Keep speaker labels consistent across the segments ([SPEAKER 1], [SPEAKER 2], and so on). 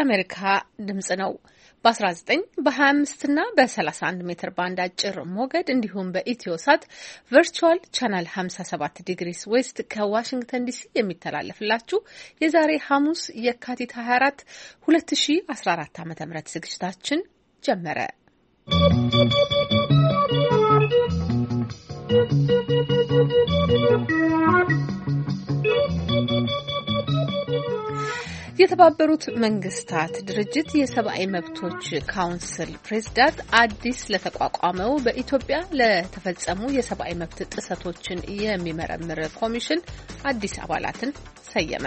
[SPEAKER 1] የአሜሪካ ድምጽ ነው። በ19 በ25 እና በ31 ሜትር ባንድ አጭር ሞገድ እንዲሁም በኢትዮ ሳት ቨርቹዋል ቻናል 57 ዲግሪስ ዌስት ከዋሽንግተን ዲሲ የሚተላለፍላችሁ የዛሬ ሐሙስ የካቲት 24 2014 ዓ ም ዝግጅታችን ጀመረ። የተባበሩት መንግስታት ድርጅት የሰብአዊ መብቶች ካውንስል ፕሬዝዳንት አዲስ ለተቋቋመው በኢትዮጵያ ለተፈጸሙ የሰብአዊ መብት ጥሰቶችን የሚመረምር ኮሚሽን አዲስ አባላትን ሰየመ።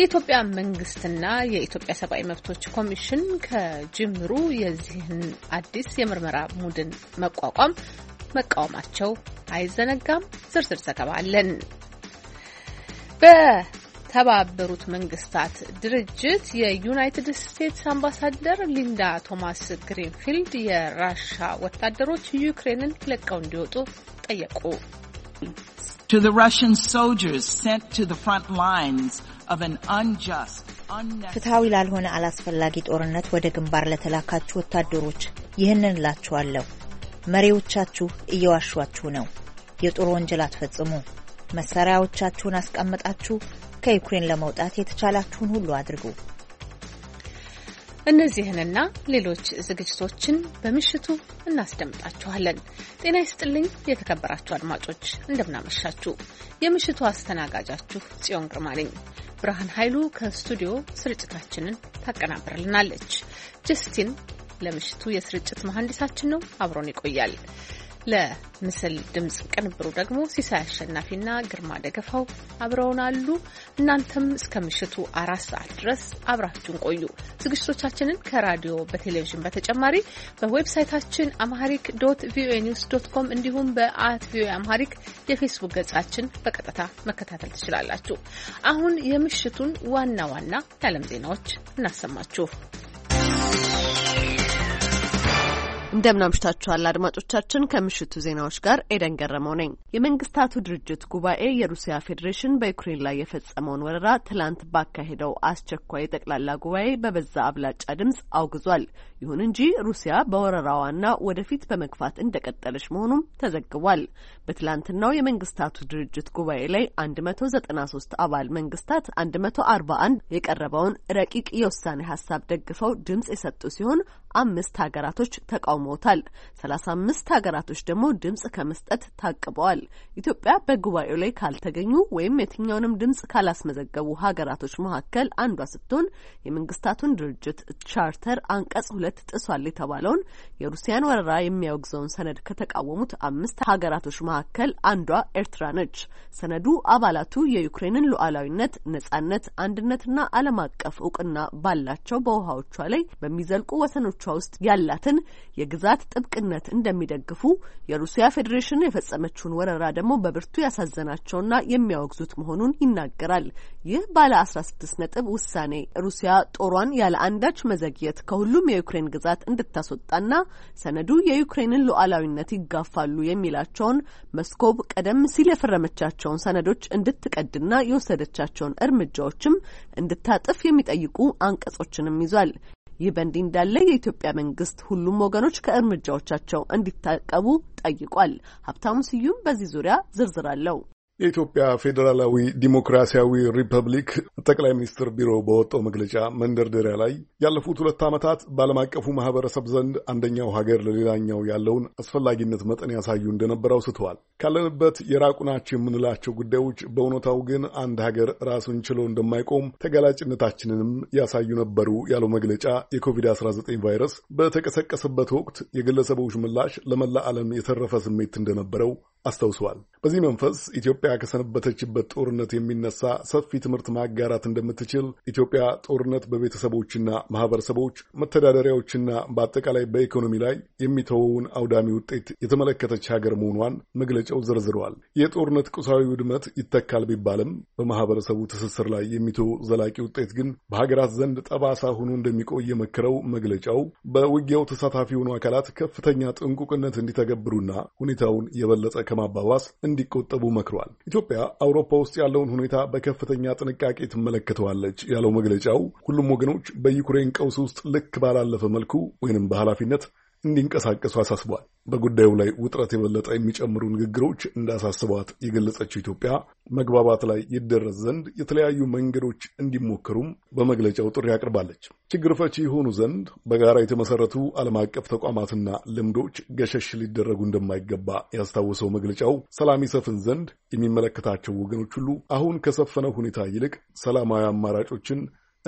[SPEAKER 1] የኢትዮጵያ መንግስትና የኢትዮጵያ ሰብአዊ መብቶች ኮሚሽን ከጅምሩ የዚህን አዲስ የምርመራ ቡድን መቋቋም መቃወማቸው አይዘነጋም። ዝርዝር ዘገባ አለን። የተባበሩት መንግስታት ድርጅት የዩናይትድ ስቴትስ አምባሳደር ሊንዳ ቶማስ ግሪንፊልድ የራሻ ወታደሮች ዩክሬንን ለቀው እንዲወጡ ጠየቁ። ፍትሐዊ ላልሆነ አላስፈላጊ ጦርነት ወደ ግንባር ለተላካችሁ ወታደሮች ይህንን እላችኋለሁ። መሪዎቻችሁ እየዋሿችሁ ነው። የጦር ወንጀል አትፈጽሙ። መሳሪያዎቻችሁን አስቀምጣችሁ ከዩክሬን ለመውጣት የተቻላችሁን ሁሉ አድርጉ። እነዚህንና ሌሎች ዝግጅቶችን በምሽቱ እናስደምጣችኋለን። ጤና ይስጥልኝ የተከበራችሁ አድማጮች፣ እንደምናመሻችሁ። የምሽቱ አስተናጋጃችሁ ጽዮን ግርማ ነኝ። ብርሃን ኃይሉ ከስቱዲዮ ስርጭታችንን ታቀናብርልናለች። ጀስቲን ለምሽቱ የስርጭት መሐንዲሳችን ነው። አብሮን ይቆያል። ለምስል ድምፅ ቅንብሩ ደግሞ ሲሳይ አሸናፊና ግርማ ደገፋው አብረውን አሉ። እናንተም እስከ ምሽቱ አራት ሰዓት ድረስ አብራችሁን ቆዩ። ዝግጅቶቻችንን ከራዲዮ በቴሌቪዥን በተጨማሪ በዌብሳይታችን አምሃሪክ ዶት ቪኦኤ ኒውስ ዶት ኮም እንዲሁም በአት ቪኦኤ አምሃሪክ የፌስቡክ ገጻችን በቀጥታ መከታተል ትችላላችሁ። አሁን የምሽቱን ዋና ዋና የዓለም
[SPEAKER 2] ዜናዎች እናሰማችሁ። እንደምናምሽታችኋል አድማጮቻችን። ከምሽቱ ዜናዎች ጋር ኤደን ገረመው ነኝ። የመንግስታቱ ድርጅት ጉባኤ የሩሲያ ፌዴሬሽን በዩክሬን ላይ የፈጸመውን ወረራ ትላንት ባካሄደው አስቸኳይ ጠቅላላ ጉባኤ በበዛ አብላጫ ድምጽ አውግዟል። ይሁን እንጂ ሩሲያ በወረራዋና ወደፊት በመግፋት እንደቀጠለች መሆኑም ተዘግቧል። በትላንትናው የመንግስታቱ ድርጅት ጉባኤ ላይ አንድ መቶ ዘጠና ሶስት አባል መንግስታት አንድ መቶ አርባ አንድ የቀረበውን ረቂቅ የውሳኔ ሀሳብ ደግፈው ድምጽ የሰጡ ሲሆን አምስት ሀገራቶች ተቃውመውታል። ሰላሳ አምስት ሀገራቶች ደግሞ ድምጽ ከመስጠት ታቅበዋል። ኢትዮጵያ በጉባኤው ላይ ካልተገኙ ወይም የትኛውንም ድምጽ ካላስመዘገቡ ሀገራቶች መካከል አንዷ ስትሆን የመንግስታቱን ድርጅት ቻርተር አንቀጽ ሁለት ጥሷል የተባለውን የሩሲያን ወረራ የሚያወግዘውን ሰነድ ከተቃወሙት አምስት ሀገራቶች መካከል አንዷ ኤርትራ ነች። ሰነዱ አባላቱ የዩክሬንን ሉዓላዊነት፣ ነጻነት፣ አንድነትና ዓለም አቀፍ እውቅና ባላቸው በውሃዎቿ ላይ በሚዘልቁ ወሰኖቿ ውስጥ ያላትን የግዛት ጥብቅነት እንደሚደግፉ የሩሲያ ፌዴሬሽን የፈጸመችውን ወረራ ደግሞ በብርቱ ያሳዘናቸውና የሚያወግዙት መሆኑን ይናገራል። ይህ ባለ አስራ ስድስት ነጥብ ውሳኔ ሩሲያ ጦሯን ያለ አንዳች መዘግየት ከሁሉም የዩክሬን ከዩክሬን ግዛት እንድታስወጣና ሰነዱ የዩክሬንን ሉዓላዊነት ይጋፋሉ የሚላቸውን መስኮብ ቀደም ሲል የፈረመቻቸውን ሰነዶች እንድትቀድና የወሰደቻቸውን እርምጃዎችም እንድታጥፍ የሚጠይቁ አንቀጾችንም ይዟል። ይህ በእንዲህ እንዳለ የኢትዮጵያ መንግስት ሁሉም ወገኖች ከእርምጃዎቻቸው እንዲታቀቡ ጠይቋል። ሀብታሙ ስዩም በዚህ ዙሪያ ዝርዝር አለው።
[SPEAKER 3] የኢትዮጵያ ፌዴራላዊ ዲሞክራሲያዊ ሪፐብሊክ ጠቅላይ ሚኒስትር ቢሮ በወጣው መግለጫ መንደርደሪያ ላይ ያለፉት ሁለት ዓመታት በዓለም አቀፉ ማህበረሰብ ዘንድ አንደኛው ሀገር ለሌላኛው ያለውን አስፈላጊነት መጠን ያሳዩ እንደነበር አውስተዋል። ካለንበት የራቁ ናቸው የምንላቸው ጉዳዮች በእውነታው ግን አንድ ሀገር ራሱን ችሎ እንደማይቆም ተጋላጭነታችንንም ያሳዩ ነበሩ ያለው መግለጫ የኮቪድ-19 ቫይረስ በተቀሰቀሰበት ወቅት የግለሰቦች ምላሽ ለመላ ዓለም የተረፈ ስሜት እንደነበረው አስታውሰዋል። በዚህ መንፈስ ኢትዮጵያ ኢትዮጵያ ከሰነበተችበት ጦርነት የሚነሳ ሰፊ ትምህርት ማጋራት እንደምትችል ኢትዮጵያ ጦርነት በቤተሰቦችና ማህበረሰቦች መተዳደሪያዎችና በአጠቃላይ በኢኮኖሚ ላይ የሚተወውን አውዳሚ ውጤት የተመለከተች ሀገር መሆኗን መግለጫው ዘርዝረዋል። የጦርነት ቁሳዊ ውድመት ይተካል ቢባልም በማህበረሰቡ ትስስር ላይ የሚተው ዘላቂ ውጤት ግን በሀገራት ዘንድ ጠባሳ ሆኖ እንደሚቆይ የመክረው መግለጫው በውጊያው ተሳታፊ የሆኑ አካላት ከፍተኛ ጥንቁቅነት እንዲተገብሩና ሁኔታውን የበለጠ ከማባባስ እንዲቆጠቡ መክሯል። ኢትዮጵያ አውሮፓ ውስጥ ያለውን ሁኔታ በከፍተኛ ጥንቃቄ ትመለከተዋለች ያለው መግለጫው ሁሉም ወገኖች በዩክሬን ቀውስ ውስጥ ልክ ባላለፈ መልኩ ወይንም በኃላፊነት እንዲንቀሳቀሱ አሳስቧል። በጉዳዩ ላይ ውጥረት የበለጠ የሚጨምሩ ንግግሮች እንዳሳስቧት የገለጸችው ኢትዮጵያ መግባባት ላይ ይደረስ ዘንድ የተለያዩ መንገዶች እንዲሞከሩም በመግለጫው ጥሪ አቅርባለች። ችግር ፈቺ የሆኑ ዘንድ በጋራ የተመሰረቱ ዓለም አቀፍ ተቋማትና ልምዶች ገሸሽ ሊደረጉ እንደማይገባ ያስታወሰው መግለጫው ሰላም ይሰፍን ዘንድ የሚመለከታቸው ወገኖች ሁሉ አሁን ከሰፈነው ሁኔታ ይልቅ ሰላማዊ አማራጮችን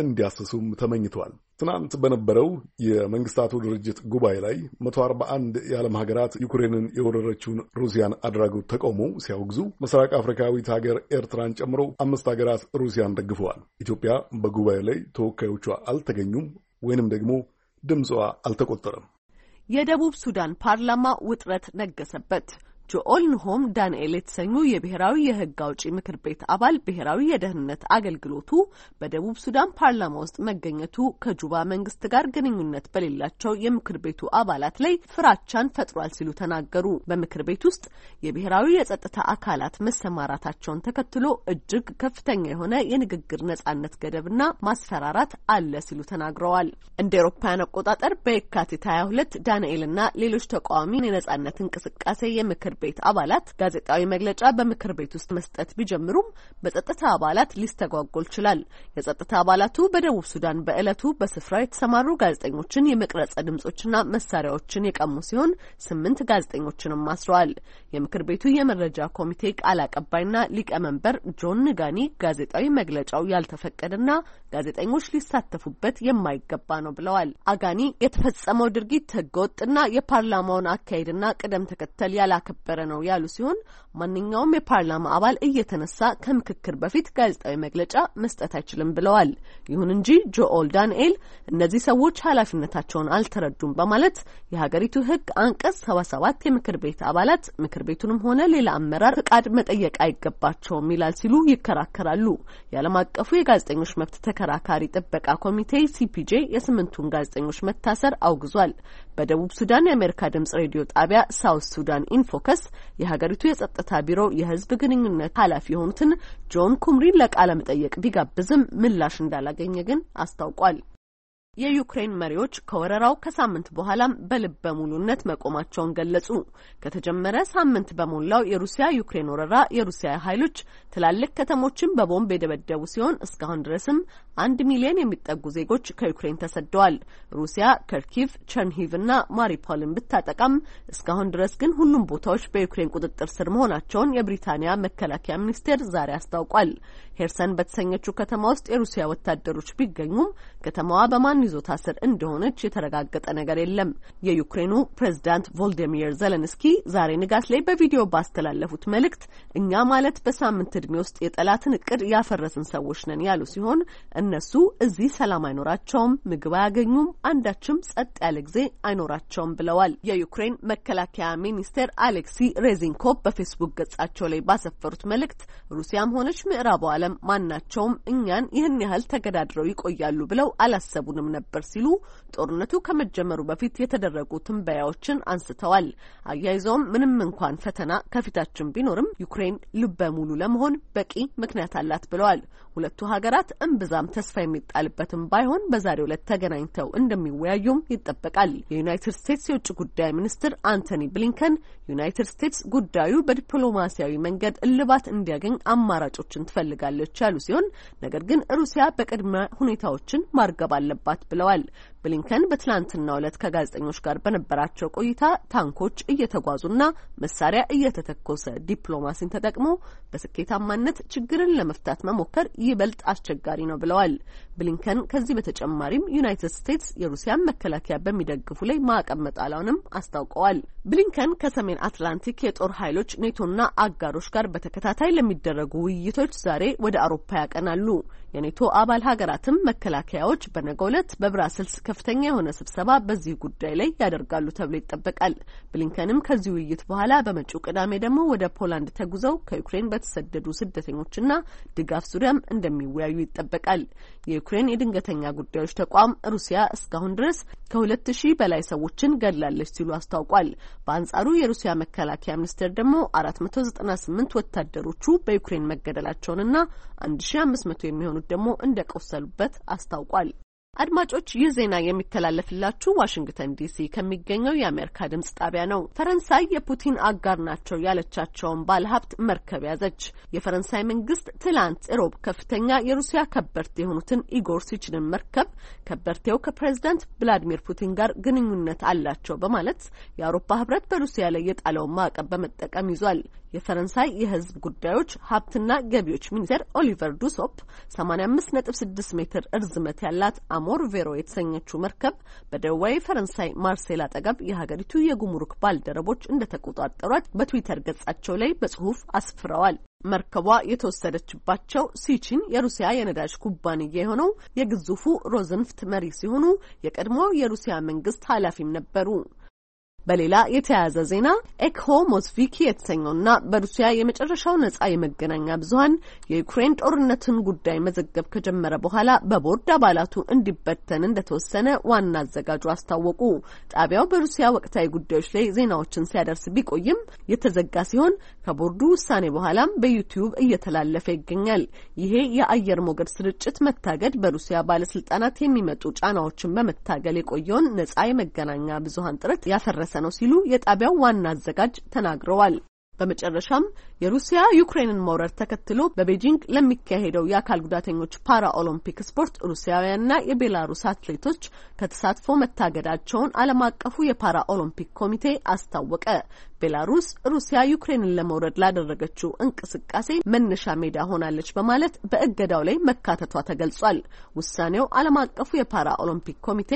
[SPEAKER 3] እንዲያስሱም ተመኝቷል። ትናንት በነበረው የመንግስታቱ ድርጅት ጉባኤ ላይ 141 የዓለም ሀገራት ዩክሬንን የወረረችውን ሩሲያን አድራጎት ተቃውሞ ሲያወግዙ ምስራቅ አፍሪካዊት ሀገር ኤርትራን ጨምሮ አምስት ሀገራት ሩሲያን ደግፈዋል። ኢትዮጵያ በጉባኤ ላይ ተወካዮቿ አልተገኙም ወይንም ደግሞ ድምጿ አልተቆጠረም።
[SPEAKER 2] የደቡብ ሱዳን ፓርላማ ውጥረት ነገሰበት። ሆም ዳንኤል የተሰኙ የብሔራዊ የህግ አውጪ ምክር ቤት አባል ብሔራዊ የደህንነት አገልግሎቱ በደቡብ ሱዳን ፓርላማ ውስጥ መገኘቱ ከጁባ መንግስት ጋር ግንኙነት በሌላቸው የምክር ቤቱ አባላት ላይ ፍራቻን ፈጥሯል ሲሉ ተናገሩ። በምክር ቤት ውስጥ የብሔራዊ የጸጥታ አካላት መሰማራታቸውን ተከትሎ እጅግ ከፍተኛ የሆነ የንግግር ነጻነት ገደብና ማስፈራራት አለ ሲሉ ተናግረዋል። እንደ ኤሮፓያን አቆጣጠር በየካቲት 22 ዳንኤልና ሌሎች ተቃዋሚ የነጻነት እንቅስቃሴ የምክር ቤት አባላት ጋዜጣዊ መግለጫ በምክር ቤት ውስጥ መስጠት ቢጀምሩም በጸጥታ አባላት ሊስተጓጎል ችላል። የጸጥታ አባላቱ በደቡብ ሱዳን በዕለቱ በስፍራው የተሰማሩ ጋዜጠኞችን የመቅረጸ ድምጾችና መሳሪያዎችን የቀሙ ሲሆን ስምንት ጋዜጠኞችንም አስረዋል። የምክር ቤቱ የመረጃ ኮሚቴ ቃል አቀባይና ሊቀመንበር ጆን ንጋኒ ጋዜጣዊ መግለጫው ያልተፈቀደና ጋዜጠኞች ሊሳተፉበት የማይገባ ነው ብለዋል። አጋኒ የተፈጸመው ድርጊት ህገወጥና የፓርላማውን አካሄድና ቅደም ተከተል ያላከበ የነበረ ነው ያሉ ሲሆን ማንኛውም የፓርላማ አባል እየተነሳ ከምክክር በፊት ጋዜጣዊ መግለጫ መስጠት አይችልም ብለዋል። ይሁን እንጂ ጆኦል ዳንኤል እነዚህ ሰዎች ኃላፊነታቸውን አልተረዱም በማለት የሀገሪቱ ሕግ አንቀጽ ሰባ ሰባት የምክር ቤት አባላት ምክር ቤቱንም ሆነ ሌላ አመራር ፍቃድ መጠየቅ አይገባቸውም ይላል ሲሉ ይከራከራሉ። የዓለም አቀፉ የጋዜጠኞች መብት ተከራካሪ ጥበቃ ኮሚቴ ሲፒጄ የስምንቱን ጋዜጠኞች መታሰር አውግዟል። በደቡብ ሱዳን የአሜሪካ ድምጽ ሬዲዮ ጣቢያ ሳውት ሱዳን ኢንፎከስ ድረስ የሀገሪቱ የጸጥታ ቢሮ የህዝብ ግንኙነት ኃላፊ የሆኑትን ጆን ኩምሪን ለቃለ መጠየቅ ቢጋብዝም ምላሽ እንዳላገኘ ግን አስታውቋል። የዩክሬን መሪዎች ከወረራው ከሳምንት በኋላም በልበ ሙሉነት መቆማቸውን ገለጹ። ከተጀመረ ሳምንት በሞላው የሩሲያ ዩክሬን ወረራ የሩሲያ ኃይሎች ትላልቅ ከተሞችን በቦምብ የደበደቡ ሲሆን እስካሁን ድረስም አንድ ሚሊዮን የሚጠጉ ዜጎች ከዩክሬን ተሰደዋል። ሩሲያ ከርኪቭ፣ ቸርንሂቭ እና ማሪፖልን ብታጠቃም እስካሁን ድረስ ግን ሁሉም ቦታዎች በዩክሬን ቁጥጥር ስር መሆናቸውን የብሪታንያ መከላከያ ሚኒስቴር ዛሬ አስታውቋል። ሄርሰን በተሰኘችው ከተማ ውስጥ የሩሲያ ወታደሮች ቢገኙም ከተማዋ በማን ይዞታ ስር እንደሆነች የተረጋገጠ ነገር የለም። የዩክሬኑ ፕሬዝዳንት ቮልዲሚር ዘለንስኪ ዛሬ ንጋት ላይ በቪዲዮ ባስተላለፉት መልእክት እኛ ማለት በሳምንት እድሜ ውስጥ የጠላትን እቅድ ያፈረስን ሰዎች ነን ያሉ ሲሆን እነሱ እዚህ ሰላም አይኖራቸውም፣ ምግብ አያገኙም፣ አንዳችም ጸጥ ያለ ጊዜ አይኖራቸውም ብለዋል። የዩክሬን መከላከያ ሚኒስቴር አሌክሲ ሬዚንኮቭ በፌስቡክ ገጻቸው ላይ ባሰፈሩት መልእክት ሩሲያም ሆነች ምዕራቡ ዓለም ዓለም ማናቸውም እኛን ይህን ያህል ተገዳድረው ይቆያሉ ብለው አላሰቡንም ነበር ሲሉ ጦርነቱ ከመጀመሩ በፊት የተደረጉ ትንበያዎችን አንስተዋል። አያይዘውም ምንም እንኳን ፈተና ከፊታችን ቢኖርም ዩክሬን ልበ ሙሉ ለመሆን በቂ ምክንያት አላት ብለዋል። ሁለቱ ሀገራት እምብዛም ተስፋ የሚጣልበትም ባይሆን በዛሬው ዕለት ተገናኝተው እንደሚወያዩም ይጠበቃል። የዩናይትድ ስቴትስ የውጭ ጉዳይ ሚኒስትር አንቶኒ ብሊንከን ዩናይትድ ስቴትስ ጉዳዩ በዲፕሎማሲያዊ መንገድ እልባት እንዲያገኝ አማራጮችን ትፈልጋለች ትችላለች ያሉ ሲሆን ነገር ግን ሩሲያ በቅድሚያ ሁኔታዎችን ማርገብ አለባት ብለዋል። ብሊንከን በትላንትናው ዕለት ከጋዜጠኞች ጋር በነበራቸው ቆይታ ታንኮች እየተጓዙና መሳሪያ እየተተኮሰ ዲፕሎማሲን ተጠቅሞ በስኬታማነት ችግርን ለመፍታት መሞከር ይበልጥ አስቸጋሪ ነው ብለዋል። ብሊንከን ከዚህ በተጨማሪም ዩናይትድ ስቴትስ የሩሲያን መከላከያ በሚደግፉ ላይ ማዕቀብ መጣላውንም አስታውቀዋል። ብሊንከን ከሰሜን አትላንቲክ የጦር ኃይሎች ኔቶና አጋሮች ጋር በተከታታይ ለሚደረጉ ውይይቶች ዛሬ ወደ አውሮፓ ያቀናሉ። የኔቶ አባል ሀገራትም መከላከያዎች በነገ ዕለት በብራስልስ ከፍተኛ የሆነ ስብሰባ በዚህ ጉዳይ ላይ ያደርጋሉ ተብሎ ይጠበቃል። ብሊንከንም ከዚህ ውይይት በኋላ በመጪው ቅዳሜ ደግሞ ወደ ፖላንድ ተጉዘው ከዩክሬን በተሰደዱ ስደተኞችና ድጋፍ ዙሪያም እንደሚወያዩ ይጠበቃል። የዩክሬን የድንገተኛ ጉዳዮች ተቋም ሩሲያ እስካሁን ድረስ ከሁለት ሺህ በላይ ሰዎችን ገድላለች ሲሉ አስታውቋል። በአንጻሩ የሩሲያ መከላከያ ሚኒስቴር ደግሞ አራት መቶ ዘጠና ስምንት ወታደሮቹ በዩክሬን መገደላቸውንና አንድ ሺ አምስት መቶ የሚሆኑት ደግሞ እንደቆሰሉበት አስታውቋል። አድማጮች ይህ ዜና የሚተላለፍላችሁ ዋሽንግተን ዲሲ ከሚገኘው የአሜሪካ ድምጽ ጣቢያ ነው። ፈረንሳይ የፑቲን አጋር ናቸው ያለቻቸውን ባለሀብት መርከብ ያዘች። የፈረንሳይ መንግስት ትላንት እሮብ ከፍተኛ የሩሲያ ከበርቴ የሆኑትን ኢጎር ሲችንን መርከብ ከበርቴው ከፕሬዚዳንት ቭላዲሚር ፑቲን ጋር ግንኙነት አላቸው በማለት የአውሮፓ ህብረት በሩሲያ ላይ የጣለውን ማዕቀብ በመጠቀም ይዟል። የፈረንሳይ የህዝብ ጉዳዮች ሀብትና ገቢዎች ሚኒስተር ኦሊቨር ዱሶፕ 85.6 ሜትር እርዝመት ያላት አሞር ቬሮ የተሰኘችው መርከብ በደቡባዊ ፈረንሳይ ማርሴል አጠገብ የሀገሪቱ የጉምሩክ ባልደረቦች እንደተቆጣጠሯት በትዊተር ገጻቸው ላይ በጽሁፍ አስፍረዋል። መርከቧ የተወሰደችባቸው ሲቺን የሩሲያ የነዳጅ ኩባንያ የሆነው የግዙፉ ሮዝንፍት መሪ ሲሆኑ የቀድሞ የሩሲያ መንግስት ኃላፊም ነበሩ። በሌላ የተያያዘ ዜና ኤኮ ሞስቪኪ የተሰኘውና በሩሲያ የመጨረሻው ነጻ የመገናኛ ብዙኃን የዩክሬን ጦርነትን ጉዳይ መዘገብ ከጀመረ በኋላ በቦርድ አባላቱ እንዲበተን እንደተወሰነ ዋና አዘጋጁ አስታወቁ። ጣቢያው በሩሲያ ወቅታዊ ጉዳዮች ላይ ዜናዎችን ሲያደርስ ቢቆይም የተዘጋ ሲሆን ከቦርዱ ውሳኔ በኋላም በዩቲዩብ እየተላለፈ ይገኛል። ይሄ የአየር ሞገድ ስርጭት መታገድ በሩሲያ ባለስልጣናት የሚመጡ ጫናዎችን በመታገል የቆየውን ነጻ የመገናኛ ብዙኃን ጥረት ያፈረሰ ነው ሲሉ የጣቢያው ዋና አዘጋጅ ተናግረዋል። በመጨረሻም የሩሲያ ዩክሬንን መውረር ተከትሎ በቤጂንግ ለሚካሄደው የአካል ጉዳተኞች ፓራ ኦሎምፒክ ስፖርት ሩሲያውያንና የቤላሩስ አትሌቶች ከተሳትፎ መታገዳቸውን ዓለም አቀፉ የፓራ ኦሎምፒክ ኮሚቴ አስታወቀ። ቤላሩስ ሩሲያ ዩክሬንን ለመውረድ ላደረገችው እንቅስቃሴ መነሻ ሜዳ ሆናለች በማለት በእገዳው ላይ መካተቷ ተገልጿል። ውሳኔው ዓለም አቀፉ የፓራ ኦሎምፒክ ኮሚቴ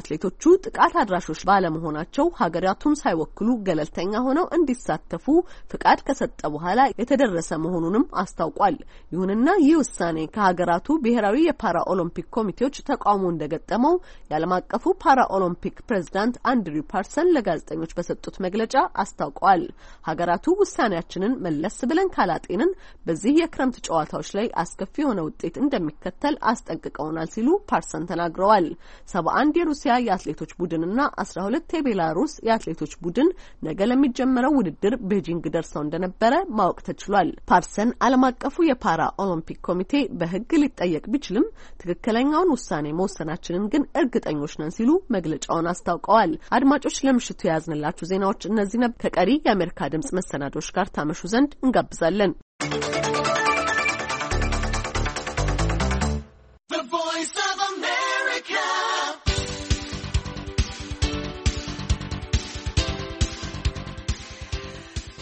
[SPEAKER 2] አትሌቶቹ ጥቃት አድራሾች ባለመሆናቸው ሀገራቱን ሳይወክሉ ገለልተኛ ሆነው እንዲሳተፉ ፍቃድ ከሰጠ በኋላ የተደረሰ መሆኑንም አስታውቋል። ይሁንና ይህ ውሳኔ ከሀገራቱ ብሔራዊ የፓራ ኦሎምፒክ ኮሚቴዎች ተቃውሞ እንደገጠመው የዓለም አቀፉ ፓራ ኦሎምፒክ ፕሬዚዳንት አንድሪው ፓርሰን ለጋዜጠኞች በሰጡት መግለጫ አስታውቀዋል። ሀገራቱ ውሳኔያችንን መለስ ብለን ካላጤንን በዚህ የክረምት ጨዋታዎች ላይ አስከፊ የሆነ ውጤት እንደሚከተል አስጠንቅቀውናል ሲሉ ፓርሰን ተናግረዋል። ሰባ አንድ የሩሲያ የአትሌቶች ቡድንና አስራ ሁለት የቤላሩስ የአትሌቶች ቡድን ነገ ለሚጀመረው ውድድር ቤጂንግ ደርሰው እንደነበረ ማወቅ ተችሏል። ፓርሰን ዓለም አቀፉ የፓራ ኦሎምፒክ ኮሚቴ በሕግ ሊጠየቅ ቢችልም ትክክለኛውን ውሳኔ መወሰናችንን ግን እርግጠኞች ነን ሲሉ መግለጫውን አስታውቀዋል። አድማጮች፣ ለምሽቱ የያዝንላችሁ ዜናዎች እነዚህ ነበር። ከቀሪ የአሜሪካ ድምጽ መሰናዶች ጋር ታመሹ ዘንድ እንጋብዛለን።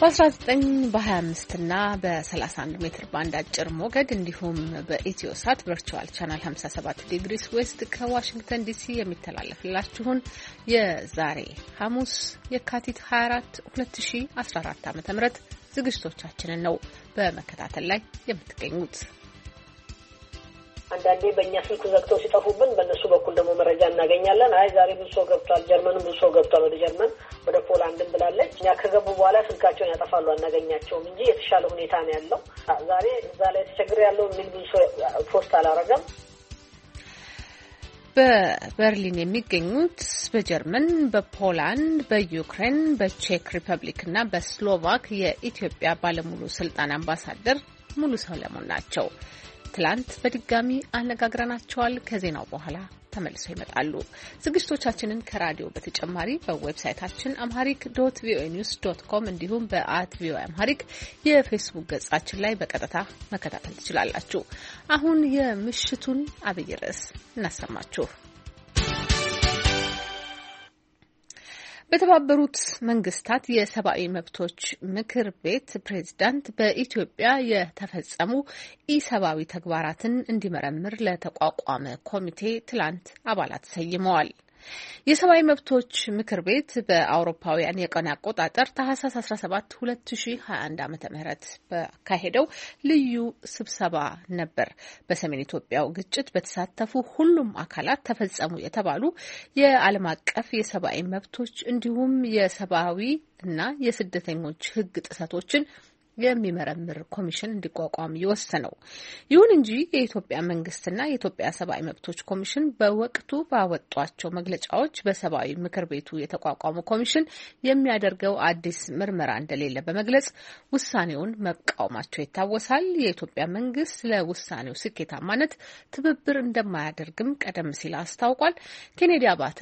[SPEAKER 1] በ19 በ25 እና በ31 ሜትር ባንድ አጭር ሞገድ እንዲሁም በኢትዮ ሳት ቨርቹዋል ቻናል 57 ዲግሪስ ዌስት ከዋሽንግተን ዲሲ የሚተላለፍላችሁን የዛሬ ሐሙስ የካቲት 24 2014 ዓ ም ዝግጅቶቻችንን ነው በመከታተል ላይ የምትገኙት።
[SPEAKER 4] አንዳንዴ በእኛ ስልክ ዘግተው ሲጠፉብን በእነሱ በኩል ደግሞ መረጃ እናገኛለን። አይ ዛሬ ብዙ ሰው ገብቷል፣ ጀርመንም ብዙ ሰው ገብቷል፣ ወደ ጀርመን ወደ ፖላንድም ብላለች። እኛ ከገቡ በኋላ ስልካቸውን ያጠፋሉ፣ አናገኛቸውም እንጂ የተሻለ ሁኔታ ነው ያለው። ዛሬ እዛ ላይ ተቸግር ያለው የሚል ብዙ ሰው ፖስት አላረገም።
[SPEAKER 1] በበርሊን የሚገኙት በጀርመን፣ በፖላንድ፣ በዩክሬን፣ በቼክ ሪፐብሊክ እና በስሎቫክ የኢትዮጵያ ባለሙሉ ስልጣን አምባሳደር ሙሉ ሰለሞን ናቸው። ትላንት በድጋሚ አነጋግረናቸዋል። ከዜናው በኋላ ተመልሰው ይመጣሉ። ዝግጅቶቻችንን ከራዲዮ በተጨማሪ በዌብሳይታችን አምሃሪክ ዶት ቪኦኤ ኒውስ ዶት ኮም እንዲሁም በአት ቪኦኤ አምሃሪክ የፌስቡክ ገጻችን ላይ በቀጥታ መከታተል ትችላላችሁ። አሁን የምሽቱን አብይ ርዕስ እናሰማችሁ። በተባበሩት መንግስታት የሰብአዊ መብቶች ምክር ቤት ፕሬዝዳንት በኢትዮጵያ የተፈጸሙ ኢሰብአዊ ተግባራትን እንዲመረምር ለተቋቋመ ኮሚቴ ትላንት አባላት ሰይመዋል። የሰብአዊ መብቶች ምክር ቤት በአውሮፓውያን የቀን አቆጣጠር ታህሳስ 17 2021 ዓ ም በካሄደው ልዩ ስብሰባ ነበር በሰሜን ኢትዮጵያው ግጭት በተሳተፉ ሁሉም አካላት ተፈጸሙ የተባሉ የዓለም አቀፍ የሰብአዊ መብቶች እንዲሁም የሰብአዊ እና የስደተኞች ሕግ ጥሰቶችን የሚመረምር ኮሚሽን እንዲቋቋም የወሰነው። ይሁን እንጂ የኢትዮጵያ መንግስትና የኢትዮጵያ ሰብአዊ መብቶች ኮሚሽን በወቅቱ ባወጧቸው መግለጫዎች በሰብአዊ ምክር ቤቱ የተቋቋመው ኮሚሽን የሚያደርገው አዲስ ምርመራ እንደሌለ በመግለጽ ውሳኔውን መቃወማቸው ይታወሳል። የኢትዮጵያ መንግስት ለውሳኔው ስኬታማነት ትብብር እንደማያደርግም ቀደም ሲል አስታውቋል። ኬኔዲ አባተ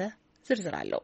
[SPEAKER 1] ዝርዝር አለው።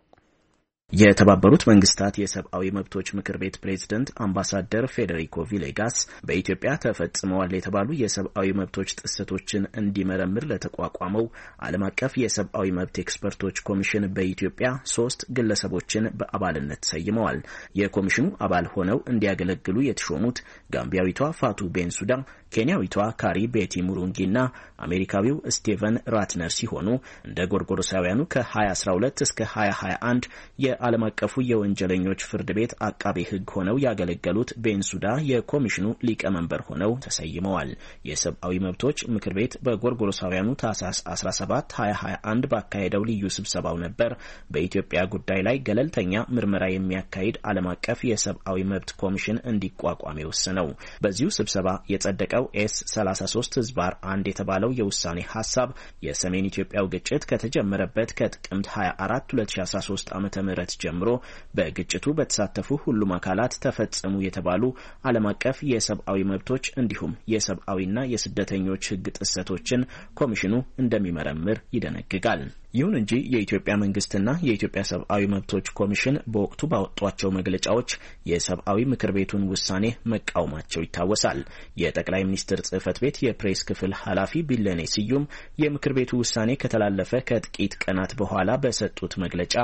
[SPEAKER 5] የተባበሩት መንግስታት የሰብአዊ መብቶች ምክር ቤት ፕሬዝደንት አምባሳደር ፌዴሪኮ ቪሌጋስ በኢትዮጵያ ተፈጽመዋል የተባሉ የሰብአዊ መብቶች ጥሰቶችን እንዲመረምር ለተቋቋመው ዓለም አቀፍ የሰብአዊ መብት ኤክስፐርቶች ኮሚሽን በኢትዮጵያ ሶስት ግለሰቦችን በአባልነት ሰይመዋል። የኮሚሽኑ አባል ሆነው እንዲያገለግሉ የተሾሙት ጋምቢያዊቷ ፋቱ ቤንሱዳ ኬንያዊቷ ካሪ ቤቲ ሙሩንጊና አሜሪካዊው ስቲቨን ራትነር ሲሆኑ እንደ ጎርጎሮሳውያኑ ከ2012 እስከ 2021 የዓለም አቀፉ የወንጀለኞች ፍርድ ቤት አቃቤ ሕግ ሆነው ያገለገሉት ቤንሱዳ የኮሚሽኑ ሊቀመንበር ሆነው ተሰይመዋል። የሰብአዊ መብቶች ምክር ቤት በጎርጎሮሳውያኑ ታህሳስ 17 2021 ባካሄደው ልዩ ስብሰባው ነበር በኢትዮጵያ ጉዳይ ላይ ገለልተኛ ምርመራ የሚያካሂድ ዓለም አቀፍ የሰብአዊ መብት ኮሚሽን እንዲቋቋም የወሰነው። በዚሁ ስብሰባ የጸደቀው የወጣው ኤስ 33 ህዝባር አንድ የተባለው የውሳኔ ሀሳብ የሰሜን ኢትዮጵያው ግጭት ከተጀመረበት ከጥቅምት 24 2013 ዓ ም ጀምሮ በግጭቱ በተሳተፉ ሁሉም አካላት ተፈጸሙ የተባሉ ዓለም አቀፍ የሰብአዊ መብቶች እንዲሁም የሰብአዊና የስደተኞች ህግ ጥሰቶችን ኮሚሽኑ እንደሚመረምር ይደነግጋል። ይሁን እንጂ የኢትዮጵያ መንግስትና የኢትዮጵያ ሰብአዊ መብቶች ኮሚሽን በወቅቱ ባወጧቸው መግለጫዎች የሰብአዊ ምክር ቤቱን ውሳኔ መቃወማቸው ይታወሳል። የጠቅላይ ሚኒስትር ጽህፈት ቤት የፕሬስ ክፍል ኃላፊ ቢለኔ ስዩም የምክር ቤቱ ውሳኔ ከተላለፈ ከጥቂት ቀናት በኋላ በሰጡት መግለጫ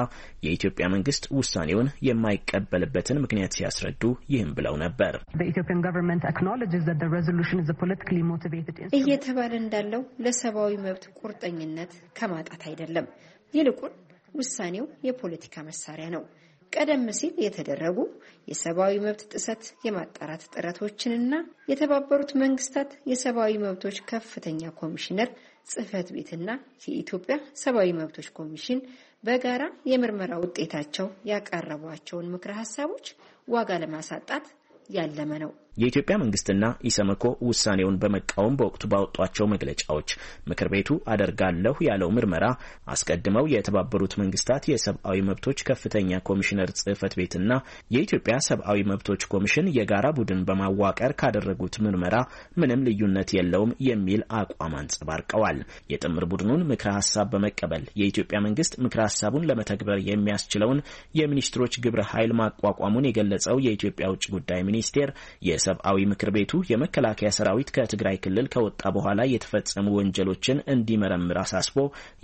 [SPEAKER 5] የኢትዮጵያ መንግስት ውሳኔውን የማይቀበልበትን ምክንያት ሲያስረዱ ይህም ብለው ነበር።
[SPEAKER 6] እየተባለ እንዳለው ለሰብአዊ መብት ቁርጠኝነት ከማጣት አይደለም። ይልቁን ውሳኔው የፖለቲካ መሳሪያ ነው። ቀደም ሲል የተደረጉ የሰብአዊ መብት ጥሰት የማጣራት ጥረቶችንና የተባበሩት መንግስታት የሰብአዊ መብቶች ከፍተኛ ኮሚሽነር ጽህፈት ቤትና የኢትዮጵያ ሰብአዊ መብቶች ኮሚሽን በጋራ የምርመራ ውጤታቸው ያቀረቧቸውን ምክረ ሀሳቦች ዋጋ ለማሳጣት ያለመ ነው።
[SPEAKER 5] የኢትዮጵያ መንግስትና ኢሰመኮ ውሳኔውን በመቃወም በወቅቱ ባወጧቸው መግለጫዎች ምክር ቤቱ አደርጋለሁ ያለው ምርመራ አስቀድመው የተባበሩት መንግስታት የሰብአዊ መብቶች ከፍተኛ ኮሚሽነር ጽህፈት ቤትና የኢትዮጵያ ሰብአዊ መብቶች ኮሚሽን የጋራ ቡድን በማዋቀር ካደረጉት ምርመራ ምንም ልዩነት የለውም የሚል አቋም አንጸባርቀዋል። የጥምር ቡድኑን ምክረ ሀሳብ በመቀበል የኢትዮጵያ መንግስት ምክረ ሀሳቡን ለመተግበር የሚያስችለውን የሚኒስትሮች ግብረ ኃይል ማቋቋሙን የገለጸው የኢትዮጵያ ውጭ ጉዳይ ሚኒስቴር የሰብአዊ ምክር ቤቱ የመከላከያ ሰራዊት ከትግራይ ክልል ከወጣ በኋላ የተፈጸሙ ወንጀሎችን እንዲመረምር አሳስቦ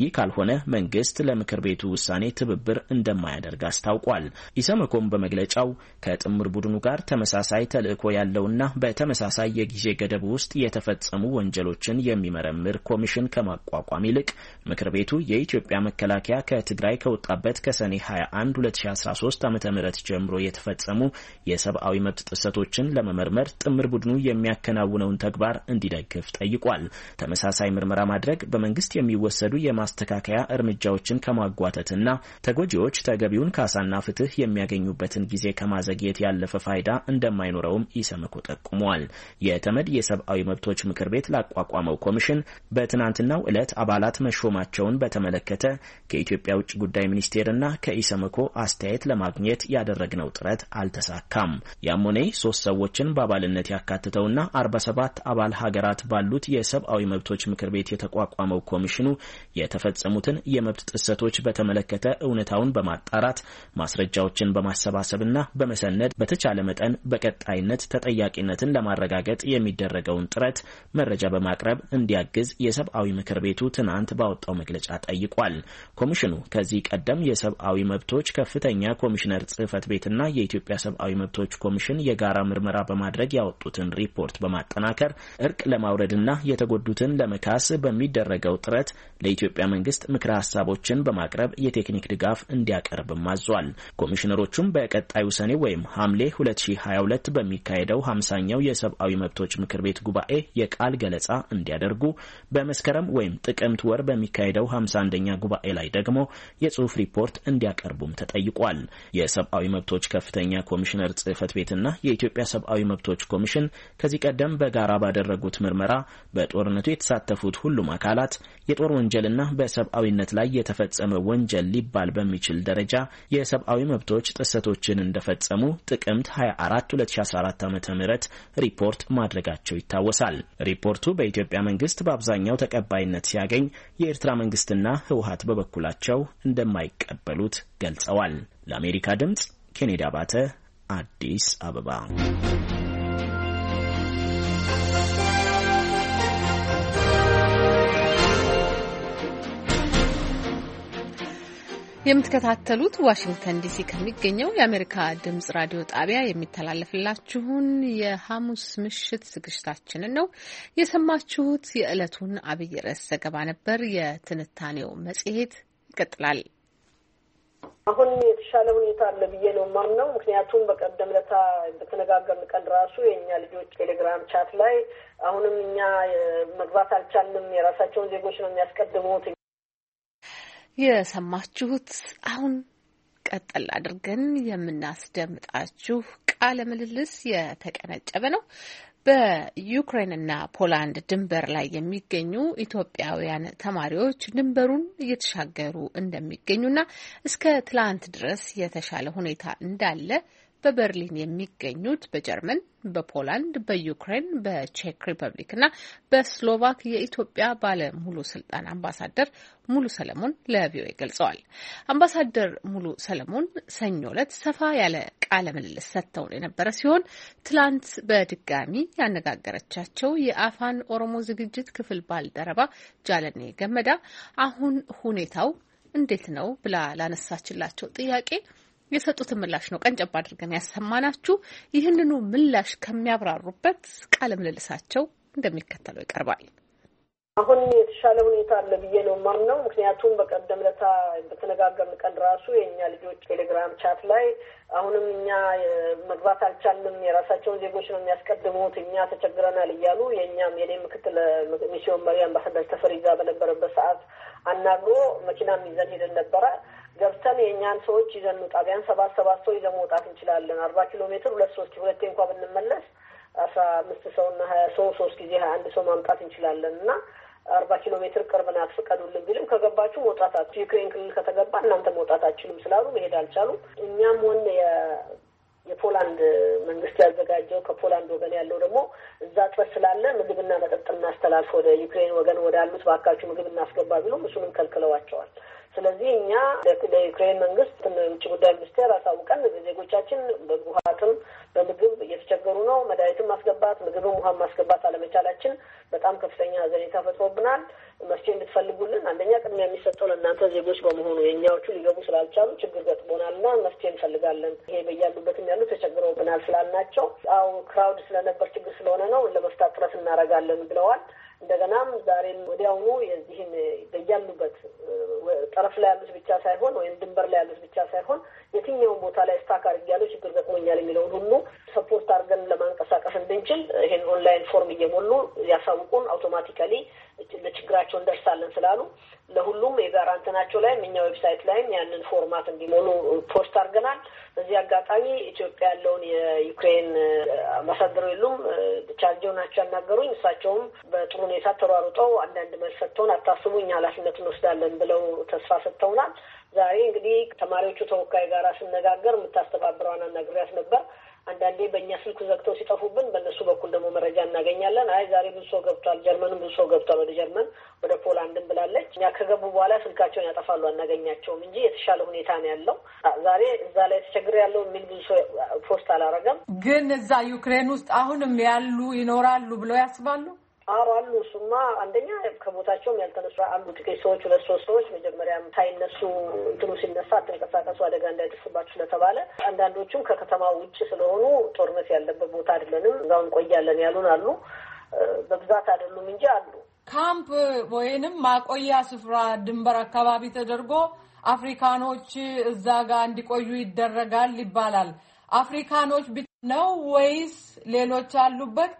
[SPEAKER 5] ይህ ካልሆነ መንግስት ለምክር ቤቱ ውሳኔ ትብብር እንደማያደርግ አስታውቋል። ኢሰመኮም በመግለጫው ከጥምር ቡድኑ ጋር ተመሳሳይ ተልዕኮ ያለውና በተመሳሳይ የጊዜ ገደብ ውስጥ የተፈጸሙ ወንጀሎችን የሚመረምር ኮሚሽን ከማቋቋም ይልቅ ምክር ቤቱ የኢትዮጵያ መከላከያ ከትግራይ ከወጣበት ከሰኔ 21 2013 ዓ ም ጀምሮ የተፈጸሙ የሰብአዊ መብት ጥሰቶችን ለመመ በመመርመር ጥምር ቡድኑ የሚያከናውነውን ተግባር እንዲደግፍ ጠይቋል። ተመሳሳይ ምርመራ ማድረግ በመንግስት የሚወሰዱ የማስተካከያ እርምጃዎችን ከማጓተትና ተጎጂዎች ተገቢውን ካሳና ፍትህ የሚያገኙበትን ጊዜ ከማዘግየት ያለፈ ፋይዳ እንደማይኖረውም ኢሰመኮ ጠቁመዋል። የተመድ የሰብአዊ መብቶች ምክር ቤት ላቋቋመው ኮሚሽን በትናንትናው ዕለት አባላት መሾማቸውን በተመለከተ ከኢትዮጵያ ውጭ ጉዳይ ሚኒስቴርና ከኢሰመኮ አስተያየት ለማግኘት ያደረግነው ጥረት አልተሳካም። ያም ሆነ ሶስት ሰዎችን በአባልነት ያካትተውና 47 አባል ሀገራት ባሉት የሰብአዊ መብቶች ምክር ቤት የተቋቋመው ኮሚሽኑ የተፈጸሙትን የመብት ጥሰቶች በተመለከተ እውነታውን በማጣራት ማስረጃዎችን በማሰባሰብና በመሰነድ በተቻለ መጠን በቀጣይነት ተጠያቂነትን ለማረጋገጥ የሚደረገውን ጥረት መረጃ በማቅረብ እንዲያግዝ የሰብአዊ ምክር ቤቱ ትናንት ባወጣው መግለጫ ጠይቋል። ኮሚሽኑ ከዚህ ቀደም የሰብአዊ መብቶች ከፍተኛ ኮሚሽነር ጽህፈት ቤትና የኢትዮጵያ ሰብአዊ መብቶች ኮሚሽን የጋራ ምርመራ በማ ለማድረግ ያወጡትን ሪፖርት በማጠናከር እርቅ ለማውረድና የተጎዱትን ለመካስ በሚደረገው ጥረት ለኢትዮጵያ መንግስት ምክረ ሀሳቦችን በማቅረብ የቴክኒክ ድጋፍ እንዲያቀርብም አዟል። ኮሚሽነሮቹም በቀጣዩ ሰኔ ወይም ሐምሌ 2022 በሚካሄደው ሀምሳኛው የሰብአዊ መብቶች ምክር ቤት ጉባኤ የቃል ገለጻ እንዲያደርጉ በመስከረም ወይም ጥቅምት ወር በሚካሄደው 51ኛ ጉባኤ ላይ ደግሞ የጽሁፍ ሪፖርት እንዲያቀርቡም ተጠይቋል። የሰብአዊ መብቶች ከፍተኛ ኮሚሽነር ጽህፈት ቤትና የኢትዮጵያ ሰብአዊ መብቶች ኮሚሽን ከዚህ ቀደም በጋራ ባደረጉት ምርመራ በጦርነቱ የተሳተፉት ሁሉም አካላት የጦር ወንጀልና በሰብአዊነት ላይ የተፈጸመ ወንጀል ሊባል በሚችል ደረጃ የሰብአዊ መብቶች ጥሰቶችን እንደፈጸሙ ጥቅምት 24 2014 ዓ ም ሪፖርት ማድረጋቸው ይታወሳል። ሪፖርቱ በኢትዮጵያ መንግስት በአብዛኛው ተቀባይነት ሲያገኝ፣ የኤርትራ መንግስትና ህወሀት በበኩላቸው እንደማይቀበሉት ገልጸዋል። ለአሜሪካ ድምፅ ኬኔዲ አባተ አዲስ አበባ
[SPEAKER 1] የምትከታተሉት ዋሽንግተን ዲሲ ከሚገኘው የአሜሪካ ድምጽ ራዲዮ ጣቢያ የሚተላለፍላችሁን የሐሙስ ምሽት ዝግጅታችንን ነው የሰማችሁት። የዕለቱን አብይ ርዕስ ዘገባ ነበር። የትንታኔው መጽሔት ይቀጥላል።
[SPEAKER 4] አሁን የተሻለ ሁኔታ አለ ብዬ ነው የማምነው። ምክንያቱም በቀደም ለታ በተነጋገርን ቀን ራሱ የእኛ ልጆች ቴሌግራም ቻት ላይ አሁንም እኛ መግባት አልቻልንም፣ የራሳቸውን ዜጎች ነው የሚያስቀድሙት፣
[SPEAKER 1] የሰማችሁት አሁን ቀጠል አድርገን የምናስደምጣችሁ ቃለ ምልልስ የተቀነጨበ ነው። በዩክሬንና ፖላንድ ድንበር ላይ የሚገኙ ኢትዮጵያውያን ተማሪዎች ድንበሩን እየተሻገሩ እንደሚገኙና እስከ ትላንት ድረስ የተሻለ ሁኔታ እንዳለ በበርሊን የሚገኙት በጀርመን በፖላንድ፣ በዩክሬን፣ በቼክ ሪፐብሊክ እና በስሎቫክ የኢትዮጵያ ባለሙሉ ስልጣን አምባሳደር ሙሉ ሰለሞን ለቪኦኤ ገልጸዋል። አምባሳደር ሙሉ ሰለሞን ሰኞ ዕለት ሰፋ ያለ ቃለ ምልልስ ሰጥተውን የነበረ ሲሆን ትላንት በድጋሚ ያነጋገረቻቸው የአፋን ኦሮሞ ዝግጅት ክፍል ባልደረባ ጃለኔ ገመዳ አሁን ሁኔታው እንዴት ነው ብላ ላነሳችላቸው ጥያቄ የሰጡትን ምላሽ ነው ቀንጨብ አድርገን ያሰማናችሁ። ይህንኑ ምላሽ ከሚያብራሩበት ቃለ ምልልሳቸው
[SPEAKER 7] እንደሚከተለው ይቀርባል።
[SPEAKER 4] አሁን የተሻለ ሁኔታ አለ ብዬ ነው ማምነው። ምክንያቱም በቀደም ለታ በተነጋገርን ቀን ራሱ የእኛ ልጆች ቴሌግራም ቻት ላይ አሁንም እኛ መግባት አልቻልንም፣ የራሳቸውን ዜጎች ነው የሚያስቀድሙት፣ እኛ ተቸግረናል እያሉ የእኛም የኔ ምክትል ሚስዮን መሪ አምባሳዳር ተፈሪ ጋር በነበረበት ሰዓት አናግሮ መኪናም ይዘን ሄደን ነበረ ገብተን የእኛን ሰዎች ይዘን ውጣ፣ ቢያንስ ሰባት ሰባት ሰው ይዘን መውጣት እንችላለን። አርባ ኪሎ ሜትር ሁለት ሶስት ሁለቴ እንኳ ብንመለስ አስራ አምስት ሰው ሰውና ሀያ ሰው ሶስት ጊዜ ሀያ አንድ ሰው ማምጣት እንችላለን እና አርባ ኪሎ ሜትር ቅርብ ናት ፍቀዱልን ቢልም ከገባችሁ መውጣታችሁ ዩክሬን ክልል ከተገባ እናንተ መውጣት ስላሉ መሄድ አልቻሉም። እኛም ሆን የፖላንድ መንግስት ያዘጋጀው ከፖላንድ ወገን ያለው ደግሞ እዛ ጥረት ስላለ ምግብና መጠጥ እናስተላልፍ ወደ ዩክሬን ወገን ወዳሉት ባካችሁ ምግብ እናስገባ ቢሉም እሱንም ከልክለዋቸዋል። ስለዚህ እኛ ለዩክሬን መንግስት ውጭ ጉዳይ ሚኒስቴር አሳውቀን ዜጎቻችን በውሀትም በምግብ እየተቸገሩ ነው። መድኃኒትም ማስገባት ምግብም ውሀም ማስገባት አለመቻላችን በጣም ከፍተኛ ሀዘኔታ ፈጥሮብናል። መፍትሄ እንድትፈልጉልን አንደኛ ቅድሚያ የሚሰጠው ለእናንተ ዜጎች በመሆኑ የእኛዎቹ ሊገቡ ስላልቻሉ ችግር ገጥሞናልና መፍትሄ እንፈልጋለን። ይሄ በያሉበትም ያሉ ተቸግረውብናል ስላልናቸው፣ አው ክራውድ ስለነበር ችግር ስለሆነ ነው ለመፍታት ጥረት እናደርጋለን ብለዋል። እንደገናም ዛሬም ወዲያውኑ የዚህን በያሉበት ጠረፍ ላይ ያሉት ብቻ ሳይሆን ወይም ድንበር ላይ ያሉት ብቻ ሳይሆን የትኛውን ቦታ ላይ ስታክ አድርጌያለሁ ችግር ገጥሞኛል የሚለውን ሁሉ ሰፖርት አድርገን ለማንቀሳቀስ እንድንችል ይህን ኦንላይን ፎርም እየሞሉ ያሳውቁን። አውቶማቲካሊ ለችግራቸው እንደርሳለን ስላሉ ለሁሉም የጋራ እንትናቸው ላይም እኛ ዌብሳይት ላይም ያንን ፎርማት እንዲሞሉ ፖስት አድርገናል። በዚህ አጋጣሚ ኢትዮጵያ ያለውን የዩክሬን አምባሳደሩ የሉም ቻርጀው ናቸው ያናገሩኝ። እሳቸውም በጥሩ ተሯሩጠው አንዳንድ መልስ ሰጥተውን አታስቡ እኛ ኃላፊነት እንወስዳለን ብለው ተስፋ ሰጥተውናል። ዛሬ እንግዲህ ተማሪዎቹ ተወካይ ጋር ስነጋገር የምታስተባብረዋን አናግሪያት ነበር። አንዳንዴ በእኛ ስልክ ዘግተው ሲጠፉብን በእነሱ በኩል ደግሞ መረጃ እናገኛለን። አይ ዛሬ ብዙ ሰው ገብቷል፣ ጀርመንም ብዙ ሰው ገብቷል፣ ወደ ጀርመን ወደ ፖላንድም ብላለች። እኛ ከገቡ በኋላ ስልካቸውን ያጠፋሉ፣ አናገኛቸውም እንጂ የተሻለ ሁኔታ ነው ያለው። ዛሬ እዛ ላይ ተቸግር ያለው የሚል ብዙ ሰው
[SPEAKER 7] ፖስት አላረገም። ግን እዛ ዩክሬን ውስጥ አሁንም ያሉ ይኖራሉ ብለው ያስባሉ
[SPEAKER 4] አሩ አሉ። እሱማ አንደኛ ከቦታቸውም ያልተነሱ አሉ። ጥቂት ሰዎች፣ ሁለት ሶስት ሰዎች መጀመሪያም ሳይነሱ እንትኑ ሲነሳ አትንቀሳቀሱ አደጋ እንዳይደርስባችሁ ስለተባለ አንዳንዶቹም ከከተማ ውጭ ስለሆኑ ጦርነት ያለበት ቦታ አይደለንም እዛው እንቆያለን ያሉን አሉ። በብዛት
[SPEAKER 7] አይደሉም እንጂ አሉ። ካምፕ ወይንም ማቆያ ስፍራ ድንበር አካባቢ ተደርጎ አፍሪካኖች እዛ ጋር እንዲቆዩ ይደረጋል ይባላል። አፍሪካኖች ነው ወይስ ሌሎች አሉበት?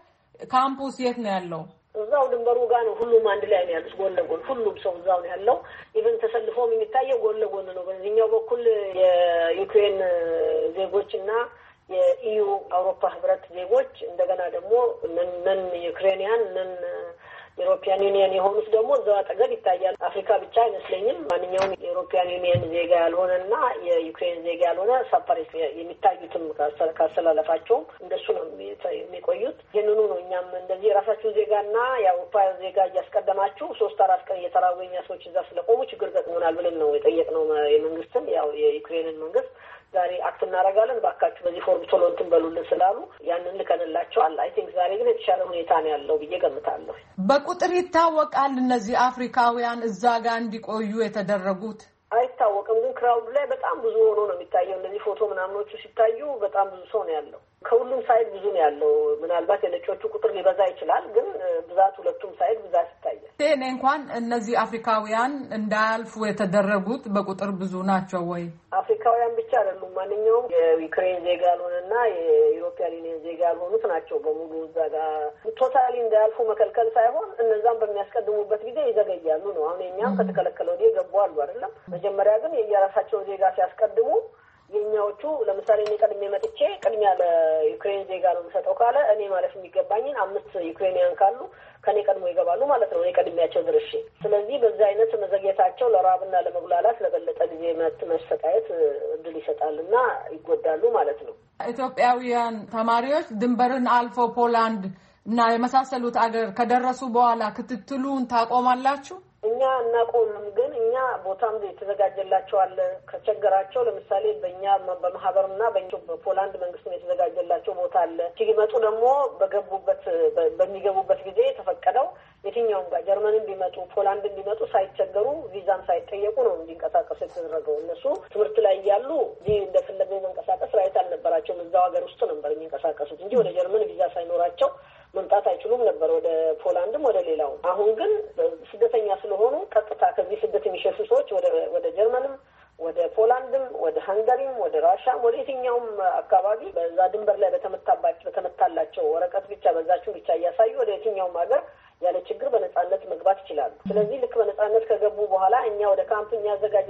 [SPEAKER 7] ካምፑስ የት ነው ያለው?
[SPEAKER 4] እዛው ድንበሩ ጋር ነው። ሁሉም አንድ ላይ ነው ያሉት፣ ጎን ለጎን ሁሉም ሰው እዛው ነው ያለው። ኢቨን ተሰልፎም የሚታየው ጎን ለጎን ነው። በዚህኛው በኩል የዩክሬን ዜጎች እና የኢዩ አውሮፓ ህብረት ዜጎች እንደገና ደግሞ ምን ምን ዩክሬንያን ምን የኢሮፒያን ዩኒየን የሆኑት ደግሞ እዛው አጠገብ ይታያል። አፍሪካ ብቻ አይመስለኝም። ማንኛውም የኢሮፒያን ዩኒየን ዜጋ ያልሆነ እና የዩክሬን ዜጋ ያልሆነ ሰፓሬት የሚታዩትም ካስተላለፋቸውም እንደሱ ነው የሚቆዩት። ይህንኑ ነው እኛም እንደዚህ የራሳችሁ ዜጋና የአውሮፓ ዜጋ እያስቀደማችሁ ሶስት አራት ቀን እየተራወኛ ሰዎች እዛ ስለቆሙ ችግር ገጥሞናል ብለን ነው የጠየቅነው የመንግስትን ያው የዩክሬንን መንግስት ዛሬ አክት እናደርጋለን ባካችሁ በዚህ ፎርም ቶሎ እንትን በሉልን ስላሉ ያንን ልከንላቸዋል። አይ ቲንክ ዛሬ ግን የተሻለ ሁኔታ ነው ያለው ብዬ ገምታለሁ።
[SPEAKER 7] በቁጥር ይታወቃል እነዚህ አፍሪካውያን እዛ ጋር እንዲቆዩ የተደረጉት
[SPEAKER 4] አይታወቅም፣ ግን ክራውዱ ላይ በጣም ብዙ ሆኖ ነው የሚታየው። እነዚህ ፎቶ ምናምኖቹ ሲታዩ በጣም ብዙ ሰው ነው ያለው። ከሁሉም ሳይድ ብዙ ነው ያለው። ምናልባት የነጮቹ ቁጥር ሊበዛ ይችላል፣ ግን
[SPEAKER 7] ብዛት ሁለቱም ሳይድ ብዛት ይታያል። እኔ እንኳን እነዚህ አፍሪካውያን እንዳያልፉ የተደረጉት በቁጥር ብዙ ናቸው ወይ?
[SPEAKER 4] አፍሪካውያን ብቻ አይደሉም። ማንኛውም የዩክሬን ዜጋ ያልሆነና የኢሮፒያን ዩኒየን ዜጋ ያልሆኑት ናቸው በሙሉ እዛ ጋር ቶታሊ እንዳያልፉ መከልከል ሳይሆን እነዛም በሚያስቀድሙበት ጊዜ ይዘገያሉ ነው። አሁን የኛም ከተከለከለ ወዲህ ገቡ አሉ አይደለም። መጀመሪያ ግን የየራሳቸውን ዜጋ ሲያስቀድሙ የኛዎቹ ለምሳሌ እኔ ቀድሜ መጥቼ ቅድሚያ ለዩክሬን ዜጋ ነው የምሰጠው ካለ እኔ ማለፍ የሚገባኝን አምስት ዩክሬንያን ካሉ ከኔ ቀድሞ ይገባሉ ማለት ነው። እኔ ቀድሜያቸው ድርሼ። ስለዚህ በዚህ አይነት መዘግየታቸው ለራብና ለመጉላላት ለበለጠ ጊዜ መሰቃየት እድል ይሰጣል እና ይጎዳሉ ማለት ነው።
[SPEAKER 7] ኢትዮጵያውያን ተማሪዎች ድንበርን አልፎ ፖላንድ እና የመሳሰሉት አገር ከደረሱ በኋላ ክትትሉን ታቆማላችሁ?
[SPEAKER 4] እኛ እናቆምም፣ ግን ቦታም የተዘጋጀላቸዋል። ከቸገራቸው ለምሳሌ በእኛ በማህበርና በፖላንድ መንግስት የተዘጋጀላቸው ቦታ አለ። ሲመጡ ደግሞ በገቡበት በሚገቡበት ጊዜ የተፈቀደው የትኛውም ጋር ጀርመንም ቢመጡ ፖላንድን ቢመጡ ሳይቸገሩ ቪዛም ሳይጠየቁ ነው እንዲንቀሳቀሱ የተደረገው። እነሱ ትምህርት ላይ እያሉ እዚህ እንደፈለገው መንቀሳቀስ ራይት አልነበራቸውም። እዛው ሀገር ውስጥ ነበር የሚንቀሳቀሱት እንጂ ወደ ጀርመን ቪዛ ሳይኖራቸው መምጣት አይችሉም ነበር ወደ ፖላንድም ወደ ሌላው። አሁን ግን ስደተኛ ስለሆኑ ቀጥታ ከዚህ ስደት የሚሸሹ ሰዎች ወደ ጀርመንም ወደ ፖላንድም ወደ ሃንጋሪም ወደ ራሻም ወደ የትኛውም አካባቢ በዛ ድንበር ላይ በተመታባቸው በተመታላቸው ወረቀት ብቻ በዛችሁ ብቻ እያሳዩ ወደ የትኛውም ሀገር ያለ ችግር በነጻነት መግባት ይችላሉ። ስለዚህ ልክ በነጻነት ከገቡ በኋላ እኛ ወደ ካምፕ እኛ ጋር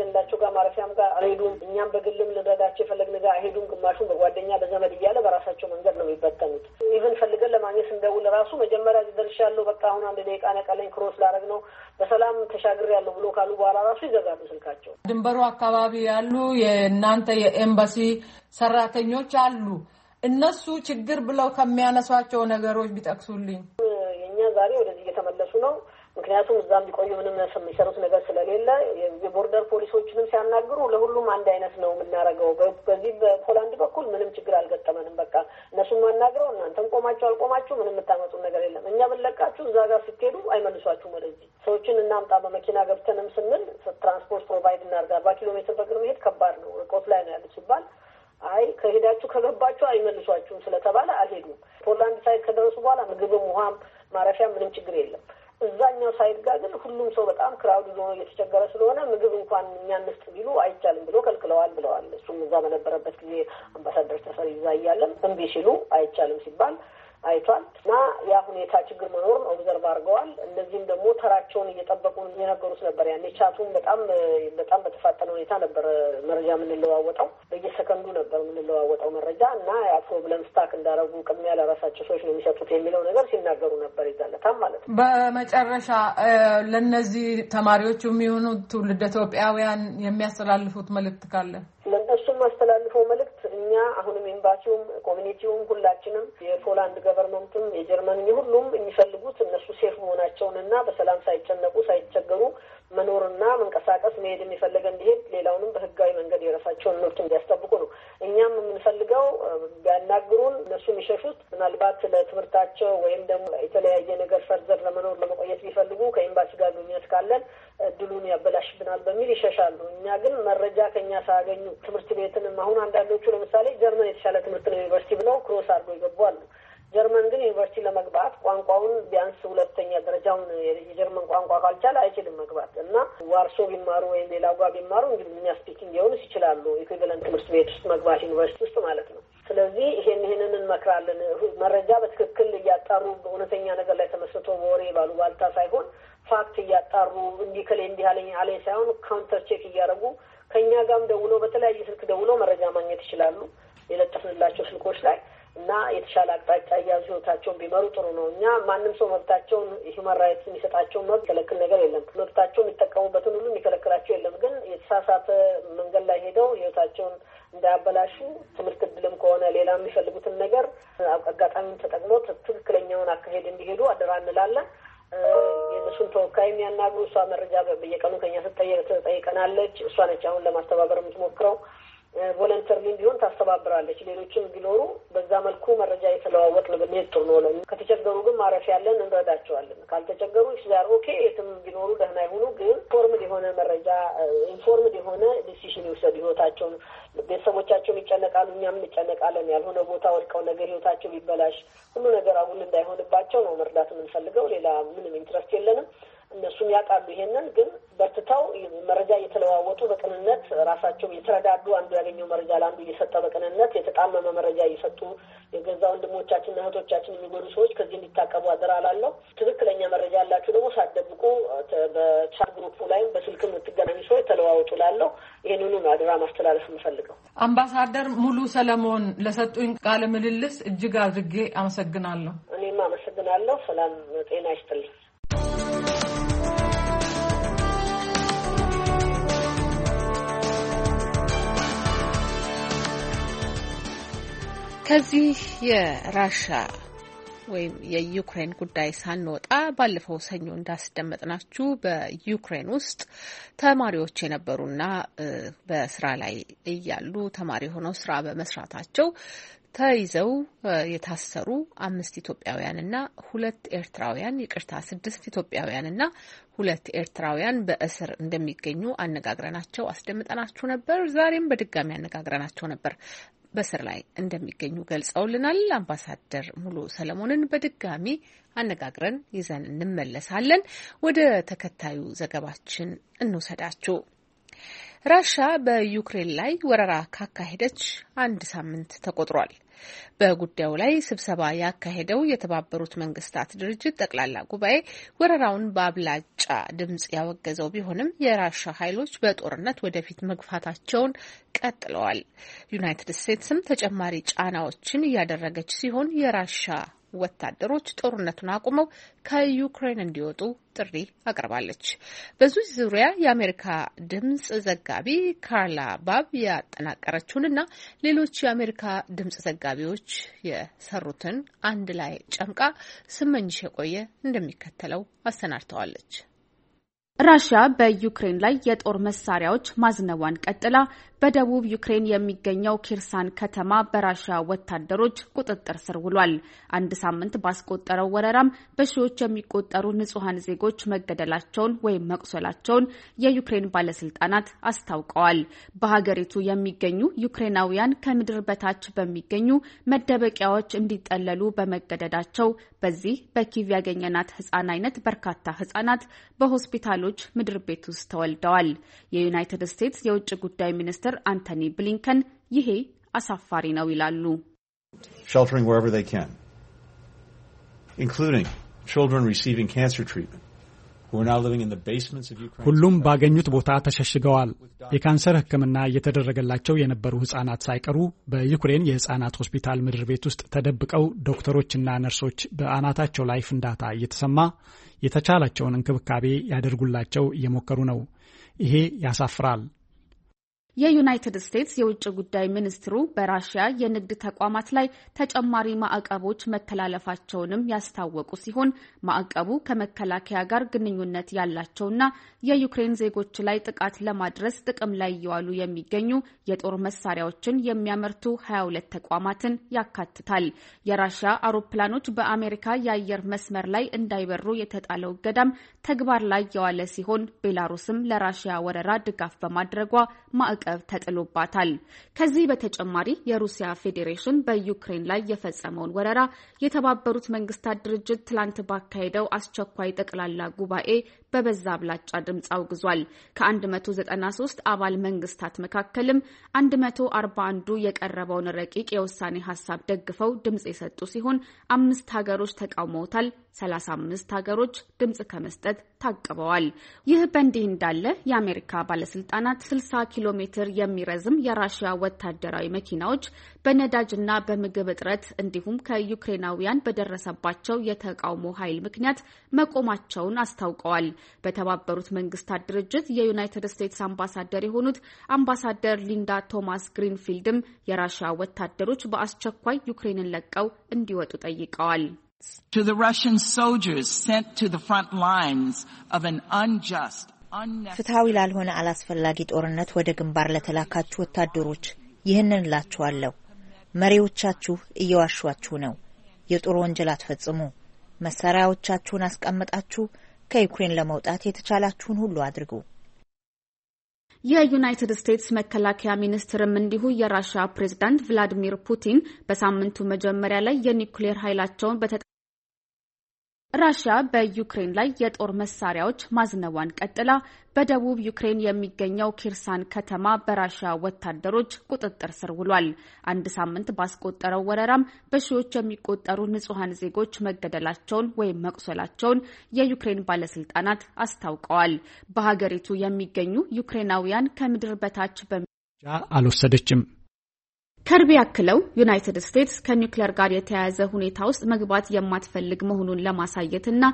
[SPEAKER 4] ማረፊያም ጋር አልሄዱም። እኛም በግልም ልረዳቸው የፈለግን ጋር አይሄዱም። ግማሹን በጓደኛ በዘመድ እያለ በራሳቸው መንገድ ነው የሚበተኑት። ኢቨን ፈልገን ለማግኘት ስንደውል ራሱ መጀመሪያ ደርሻለሁ፣ በቃ አሁን አንድ ደቂቃ ነቀለኝ፣ ክሮስ ላረግ ነው፣ በሰላም ያለው ብሎ ካሉ በኋላ ራሱ ይዘጋሉ ስልካቸው።
[SPEAKER 7] ድንበሩ አካባቢ ያሉ የእናንተ የኤምባሲ ሰራተኞች አሉ። እነሱ ችግር ብለው ከሚያነሷቸው ነገሮች ቢጠቅሱልኝ
[SPEAKER 4] እኛ ዛሬ ወደዚህ እየተመለሱ ነው። ምክንያቱም እዛም ቢቆዩ ምንም የሚሰሩት ነገር ስለሌለ የቦርደር ፖሊሶችንም ሲያናግሩ ለሁሉም አንድ አይነት ነው የምናደርገው። በዚህ በፖላንድ በኩል ምንም ችግር አልገጠመንም። በቃ እነሱን ማናግረው እናንተም ቆማችሁ አልቆማችሁ ምንም የምታመጡን ነገር የለም። እኛ ብንለቃችሁ እዛ ጋር ስትሄዱ አይመልሷችሁም። ወደዚህ ሰዎችን እናምጣ በመኪና ገብተንም ስንል ትራንስፖርት ፕሮቫይድ እናድርግ። አርባ ኪሎ ሜትር በእግር መሄድ ከባድ ነው፣ ርቆት ላይ ነው ያሉት ሲባል አይ ከሄዳችሁ ከገባችሁ አይመልሷችሁም ስለተባለ አልሄዱም። ፖላንድ ሳይት ከደረሱ በኋላ ምግብም ውሃም ማረፊያ ምንም ችግር የለም። እዛኛው ሳይድ ጋር ግን ሁሉም ሰው በጣም ክራውድ ዞኖ እየተቸገረ ስለሆነ ምግብ እንኳን እኛ ቢሉ አይቻልም ብሎ ከልክለዋል ብለዋል። እሱም እዛ በነበረበት ጊዜ አምባሳደር ተፈሪ እዛ እያለም እምቢ ሲሉ አይቻልም ሲባል አይቷል እና ያ ሁኔታ ችግር መኖሩን ኦብዘርቭ አድርገዋል። እነዚህም ደግሞ ተራቸውን እየጠበቁ የነገሩት ነበር። ያኔ ቻቱን በጣም በጣም በተፋጠነ ሁኔታ ነበር መረጃ የምንለዋወጠው። በየሰከንዱ ነበር የምንለዋወጠው መረጃ እና ያ ፕሮብለም ስታክ እንዳረጉ ቅድሚያ ለራሳቸው ሰዎች ነው የሚሰጡት የሚለው ነገር ሲናገሩ ነበር። ይዛለታም ማለት
[SPEAKER 7] ነው። በመጨረሻ ለእነዚህ ተማሪዎች የሚሆኑ ትውልድ ኢትዮጵያውያን የሚያስተላልፉት መልእክት ካለ
[SPEAKER 4] ለእነሱም ማስተላልፈው መልእክት እኛ አሁንም ኤምባሲውም ኮሚኒቲውም ሁላችንም የፖላንድ ገቨርንመንትም የጀርመን ሁሉም የሚፈልጉት እነሱ ሴፍ መሆናቸውን እና በሰላም ሳይጨነቁ ሳይቸገሩ መኖርና መንቀሳቀስ መሄድ የፈለገ እንዲሄድ ሌላውንም በህጋዊ መንገድ የራሳቸውን መብት እንዲያስጠብቁ ነው። እኛም የምንፈልገው ቢያናግሩን እነሱ የሚሸሹት ምናልባት ለትምህርታቸው ወይም ደግሞ የተለያየ ነገር ፈርዘር ለመኖር ለመቆየት ቢፈልጉ ከኤምባሲ ጋር ግንኙነት ካለን እድሉን ያበላሽብናል በሚል ይሸሻሉ። እኛ ግን መረጃ ከኛ ሳያገኙ ትምህርት ቤትንም አሁን አንዳንዶቹ ለምሳሌ ጀርመን የተሻለ ትምህርት ነው ዩኒቨርሲቲ ብለው ክሮስ አድርጎ ይገቧሉ። ጀርመን ግን ዩኒቨርሲቲ ለመግባት ቋንቋውን ቢያንስ ሁለተኛ ደረጃውን የጀርመን ቋንቋ ካልቻለ አይችልም መግባት እና ዋርሶ ቢማሩ ወይም ሌላ ጓ ቢማሩ እንግሊዝኛ ስፒኪንግ የሆኑስ ይችላሉ። ኢኩቪለንት ትምህርት ቤት ውስጥ መግባት ዩኒቨርሲቲ ውስጥ ማለት ነው። ስለዚህ ይሄን ይሄንን እንመክራለን። መረጃ በትክክል እያጣሩ በእውነተኛ ነገር ላይ ተመስርቶ በወሬ ባልታ ሳይሆን ፋክት እያጣሩ እንዲህ ከሌ እንዲህ አለኝ አለኝ ሳይሆን ካውንተር ቼክ እያደረጉ ከእኛ ጋርም ደውሎ በተለያየ ስልክ ደውሎ መረጃ ማግኘት ይችላሉ የለጠፍንላቸው ስልኮች ላይ እና የተሻለ አቅጣጫ እያዙ ህይወታቸውን ቢመሩ ጥሩ ነው። እኛ ማንም ሰው መብታቸውን ሂውማን ራይትስ የሚሰጣቸውን መብት የሚከለክል ነገር የለም። መብታቸውን የሚጠቀሙበትን ሁሉ የሚከለክላቸው የለም። ግን የተሳሳተ መንገድ ላይ ሄደው ህይወታቸውን እንዳያበላሹ ትምህርት እድልም ከሆነ ሌላ የሚፈልጉትን ነገር አጋጣሚውን ተጠቅሞ ትክክለኛውን አካሄድ እንዲሄዱ አደራ እንላለን። የእነሱን ተወካይ የሚያናግሩ እሷ መረጃ በየቀኑ ከኛ ትጠየቀናለች። እሷ ነች አሁን ለማስተባበር የምትሞክረው ቮለንተሪ ቢሆን ታስተባብራለች። ሌሎችም ቢኖሩ በዛ መልኩ መረጃ የተለዋወጥ ብንሄድ ጥሩ ነው። ከተቸገሩ ግን ማረፍ ያለን እንረዳቸዋለን። ካልተቸገሩ ዛር ኦኬ የትም ቢኖሩ ደህና ይሁኑ። ግን ኢንፎርምድ የሆነ መረጃ ኢንፎርምድ uh, የሆነ ዲሲሽን ይውሰድ። ህይወታቸውን ቤተሰቦቻቸውን ይጨነቃሉ፣ እኛም እንጨነቃለን። ያልሆነ ቦታ ወድቀው ነገር ህይወታቸው ሊበላሽ ሁሉ ነገር አቡል እንዳይሆንባቸው ነው መርዳት የምንፈልገው። ሌላ ምንም ኢንትረስት የለንም። እነሱም ያውቃሉ። ይሄንን ግን በርትተው መረጃ እየተለዋወጡ በቅንነት ራሳቸው የተረዳዱ አንዱ ያገኘው መረጃ ለአንዱ እየሰጠ በቅንነት የተጣመመ መረጃ እየሰጡ የገዛ ወንድሞቻችንና እህቶቻችን የሚጎዱ ሰዎች ከዚህ እንዲታቀቡ አደራ ላለው ትክክለኛ መረጃ ያላችሁ ደግሞ ሳትደብቁ በቻት ግሩፕ ላይም በስልክ የምትገናኙ ሰዎች ተለዋወጡ
[SPEAKER 7] ላለው ይህንኑ አደራ ማስተላለፍ የምፈልገው። አምባሳደር ሙሉ ሰለሞን ለሰጡኝ ቃለ ምልልስ እጅግ አድርጌ አመሰግናለሁ።
[SPEAKER 4] እኔም አመሰግናለሁ። ሰላም ጤና ይስጥልኝ።
[SPEAKER 1] ከዚህ የራሻ ወይም የዩክሬን ጉዳይ ሳንወጣ ባለፈው ሰኞ እንዳስደመጥናችሁ በዩክሬን ውስጥ ተማሪዎች የነበሩና በስራ ላይ እያሉ ተማሪ ሆነው ስራ በመስራታቸው ተይዘው የታሰሩ አምስት ኢትዮጵያውያንና ሁለት ኤርትራውያን ይቅርታ፣ ስድስት ኢትዮጵያውያንና ሁለት ኤርትራውያን በእስር እንደሚገኙ አነጋግረናቸው አስደምጠናችሁ ነበር። ዛሬም በድጋሚ አነጋግረናቸው ነበር። በስር ላይ እንደሚገኙ ገልጸውልናል። አምባሳደር ሙሉ ሰለሞንን በድጋሚ አነጋግረን ይዘን እንመለሳለን። ወደ ተከታዩ ዘገባችን እንውሰዳችሁ። ራሻ በዩክሬን ላይ ወረራ ካካሄደች አንድ ሳምንት ተቆጥሯል። በጉዳዩ ላይ ስብሰባ ያካሄደው የተባበሩት መንግስታት ድርጅት ጠቅላላ ጉባኤ ወረራውን በአብላጫ ድምጽ ያወገዘው ቢሆንም የራሻ ኃይሎች በጦርነት ወደፊት መግፋታቸውን ቀጥለዋል። ዩናይትድ ስቴትስም ተጨማሪ ጫናዎችን እያደረገች ሲሆን የራሻ ወታደሮች ጦርነቱን አቁመው ከዩክሬን እንዲወጡ ጥሪ አቅርባለች። በዚህ ዙሪያ የአሜሪካ ድምጽ ዘጋቢ ካርላ ባብ ያጠናቀረችውንና ሌሎች የአሜሪካ ድምጽ ዘጋቢዎች የሰሩትን አንድ ላይ ጨምቃ ስመኝሽ የቆየ እንደሚከተለው አሰናድተዋለች።
[SPEAKER 6] ራሽያ በዩክሬን ላይ የጦር መሳሪያዎች ማዝነቧን ቀጥላ በደቡብ ዩክሬን የሚገኘው ኪርሳን ከተማ በራሽያ ወታደሮች ቁጥጥር ስር ውሏል። አንድ ሳምንት ባስቆጠረው ወረራም በሺዎች የሚቆጠሩ ንጹሐን ዜጎች መገደላቸውን ወይም መቁሰላቸውን የዩክሬን ባለስልጣናት አስታውቀዋል። በሀገሪቱ የሚገኙ ዩክሬናውያን ከምድር በታች በሚገኙ መደበቂያዎች እንዲጠለሉ በመገደዳቸው በዚህ በኪቭ ያገኘናት ህጻን አይነት በርካታ ህጻናት በሆስፒታሎች ምድር ቤት ውስጥ ተወልደዋል። የዩናይትድ ስቴትስ የውጭ ጉዳይ ሚኒስትር ሚኒስትር አንቶኒ ብሊንከን ይሄ አሳፋሪ ነው ይላሉ።
[SPEAKER 8] ሁሉም ባገኙት ቦታ ተሸሽገዋል። የካንሰር ሕክምና እየተደረገላቸው የነበሩ ሕጻናት ሳይቀሩ በዩክሬን የሕጻናት ሆስፒታል ምድር ቤት ውስጥ ተደብቀው ዶክተሮችና ነርሶች በአናታቸው ላይ ፍንዳታ እየተሰማ የተቻላቸውን እንክብካቤ ያደርጉላቸው እየሞከሩ ነው። ይሄ ያሳፍራል።
[SPEAKER 6] የዩናይትድ ስቴትስ የውጭ ጉዳይ ሚኒስትሩ በራሽያ የንግድ ተቋማት ላይ ተጨማሪ ማዕቀቦች መተላለፋቸውንም ያስታወቁ ሲሆን ማዕቀቡ ከመከላከያ ጋር ግንኙነት ያላቸውና የዩክሬን ዜጎች ላይ ጥቃት ለማድረስ ጥቅም ላይ እየዋሉ የሚገኙ የጦር መሳሪያዎችን የሚያመርቱ 22 ተቋማትን ያካትታል። የራሽያ አውሮፕላኖች በአሜሪካ የአየር መስመር ላይ እንዳይበሩ የተጣለው እገዳም ተግባር ላይ የዋለ ሲሆን ቤላሩስም ለራሽያ ወረራ ድጋፍ በማድረጓ ማዕቀ ማዕቀብ ተጥሎባታል። ከዚህ በተጨማሪ የሩሲያ ፌዴሬሽን በዩክሬን ላይ የፈጸመውን ወረራ የተባበሩት መንግስታት ድርጅት ትላንት ባካሄደው አስቸኳይ ጠቅላላ ጉባኤ በበዛ አብላጫ ድምፅ አውግዟል። ከ193 አባል መንግስታት መካከልም 141ዱ የቀረበውን ረቂቅ የውሳኔ ሀሳብ ደግፈው ድምፅ የሰጡ ሲሆን አምስት ሀገሮች ተቃውመውታል። 35 ሀገሮች ድምፅ ከመስጠት ታቅበዋል። ይህ በእንዲህ እንዳለ የአሜሪካ ባለስልጣናት 60 ኪሎ ሜትር ሜትር የሚረዝም የራሽያ ወታደራዊ መኪናዎች በነዳጅና በምግብ እጥረት እንዲሁም ከዩክሬናውያን በደረሰባቸው የተቃውሞ ኃይል ምክንያት መቆማቸውን አስታውቀዋል። በተባበሩት መንግስታት ድርጅት የዩናይትድ ስቴትስ አምባሳደር የሆኑት አምባሳደር ሊንዳ ቶማስ ግሪንፊልድም የራሽያ ወታደሮች በአስቸኳይ ዩክሬንን ለቀው እንዲወጡ ጠይቀዋል።
[SPEAKER 7] To the Russian soldiers sent to the front lines of an unjust
[SPEAKER 6] ፍትሐዊ ላልሆነ አላስፈላጊ ጦርነት
[SPEAKER 1] ወደ ግንባር ለተላካችሁ ወታደሮች ይህንን እላችኋለሁ። መሪዎቻችሁ እየዋሿችሁ ነው። የጦር ወንጀል አትፈጽሙ። መሳሪያዎቻችሁን አስቀምጣችሁ ከዩክሬን ለመውጣት የተቻላችሁን ሁሉ አድርጉ።
[SPEAKER 6] የዩናይትድ ስቴትስ መከላከያ ሚኒስትርም እንዲሁ የራሽያ ፕሬዝዳንት ቭላዲሚር ፑቲን በሳምንቱ መጀመሪያ ላይ የኒውክሌር ኃይላቸውን በተ ራሽያ በዩክሬን ላይ የጦር መሳሪያዎች ማዝነቧን ቀጥላ በደቡብ ዩክሬን የሚገኘው ኪርሳን ከተማ በራሽያ ወታደሮች ቁጥጥር ስር ውሏል። አንድ ሳምንት ባስቆጠረው ወረራም በሺዎች የሚቆጠሩ ንጹሐን ዜጎች መገደላቸውን ወይም መቁሰላቸውን የዩክሬን ባለስልጣናት አስታውቀዋል። በሀገሪቱ የሚገኙ ዩክሬናውያን ከምድር በታች በሚ
[SPEAKER 8] አልወሰደችም
[SPEAKER 6] ከርቢ ያክለው ዩናይትድ ስቴትስ ከኒውክሌር ጋር የተያያዘ ሁኔታ ውስጥ መግባት የማትፈልግ መሆኑን ለማሳየትና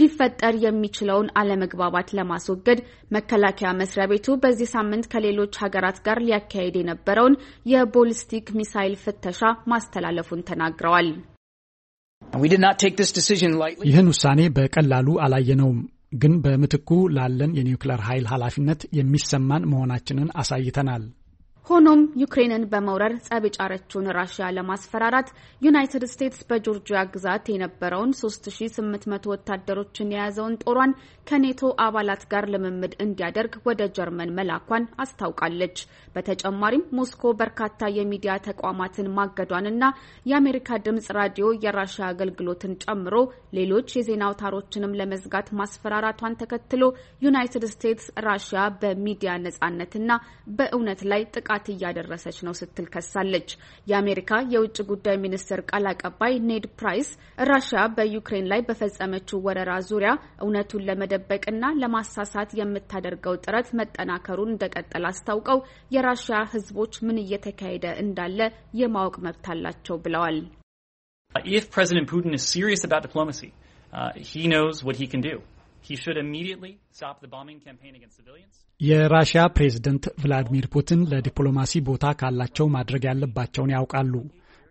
[SPEAKER 6] ሊፈጠር የሚችለውን አለመግባባት ለማስወገድ መከላከያ መስሪያ ቤቱ በዚህ ሳምንት ከሌሎች ሀገራት ጋር ሊያካሄድ የነበረውን የቦሊስቲክ ሚሳይል ፍተሻ ማስተላለፉን ተናግረዋል።
[SPEAKER 8] ይህን ውሳኔ በቀላሉ አላየነውም ግን በምትኩ ላለን የኒውክሌር ኃይል ኃላፊነት የሚሰማን መሆናችንን አሳይተናል።
[SPEAKER 6] ሆኖም ዩክሬንን በመውረር ጸብ የጫረችውን ራሽያ ለማስፈራራት ዩናይትድ ስቴትስ በጆርጂያ ግዛት የነበረውን 3800 ወታደሮችን የያዘውን ጦሯን ከኔቶ አባላት ጋር ልምምድ እንዲያደርግ ወደ ጀርመን መላኳን አስታውቃለች። በተጨማሪም ሞስኮ በርካታ የሚዲያ ተቋማትን ማገዷንና የአሜሪካ ድምጽ ራዲዮ የራሽያ አገልግሎትን ጨምሮ ሌሎች የዜና አውታሮችንም ለመዝጋት ማስፈራራቷን ተከትሎ ዩናይትድ ስቴትስ ራሽያ በሚዲያ ነጻነትና በእውነት ላይ ጥቃ ጥቃት እያደረሰች ነው ስትል ከሳለች። የአሜሪካ የውጭ ጉዳይ ሚኒስትር ቃል አቀባይ ኔድ ፕራይስ ራሽያ በዩክሬን ላይ በፈጸመችው ወረራ ዙሪያ እውነቱን ለመደበቅና ለማሳሳት የምታደርገው ጥረት መጠናከሩን እንደቀጠል አስታውቀው የራሽያ ሕዝቦች ምን እየተካሄደ እንዳለ የማወቅ መብት አላቸው ብለዋል።
[SPEAKER 8] ፕሬዚደንት uh, ፑቲን Putin ዲፕሎማሲ ሂ ኖውስ ዋት ሂ ካን ዱ የራሽያ ፕሬዝደንት ቭላዲሚር ፑቲን ለዲፕሎማሲ ቦታ ካላቸው ማድረግ ያለባቸውን ያውቃሉ።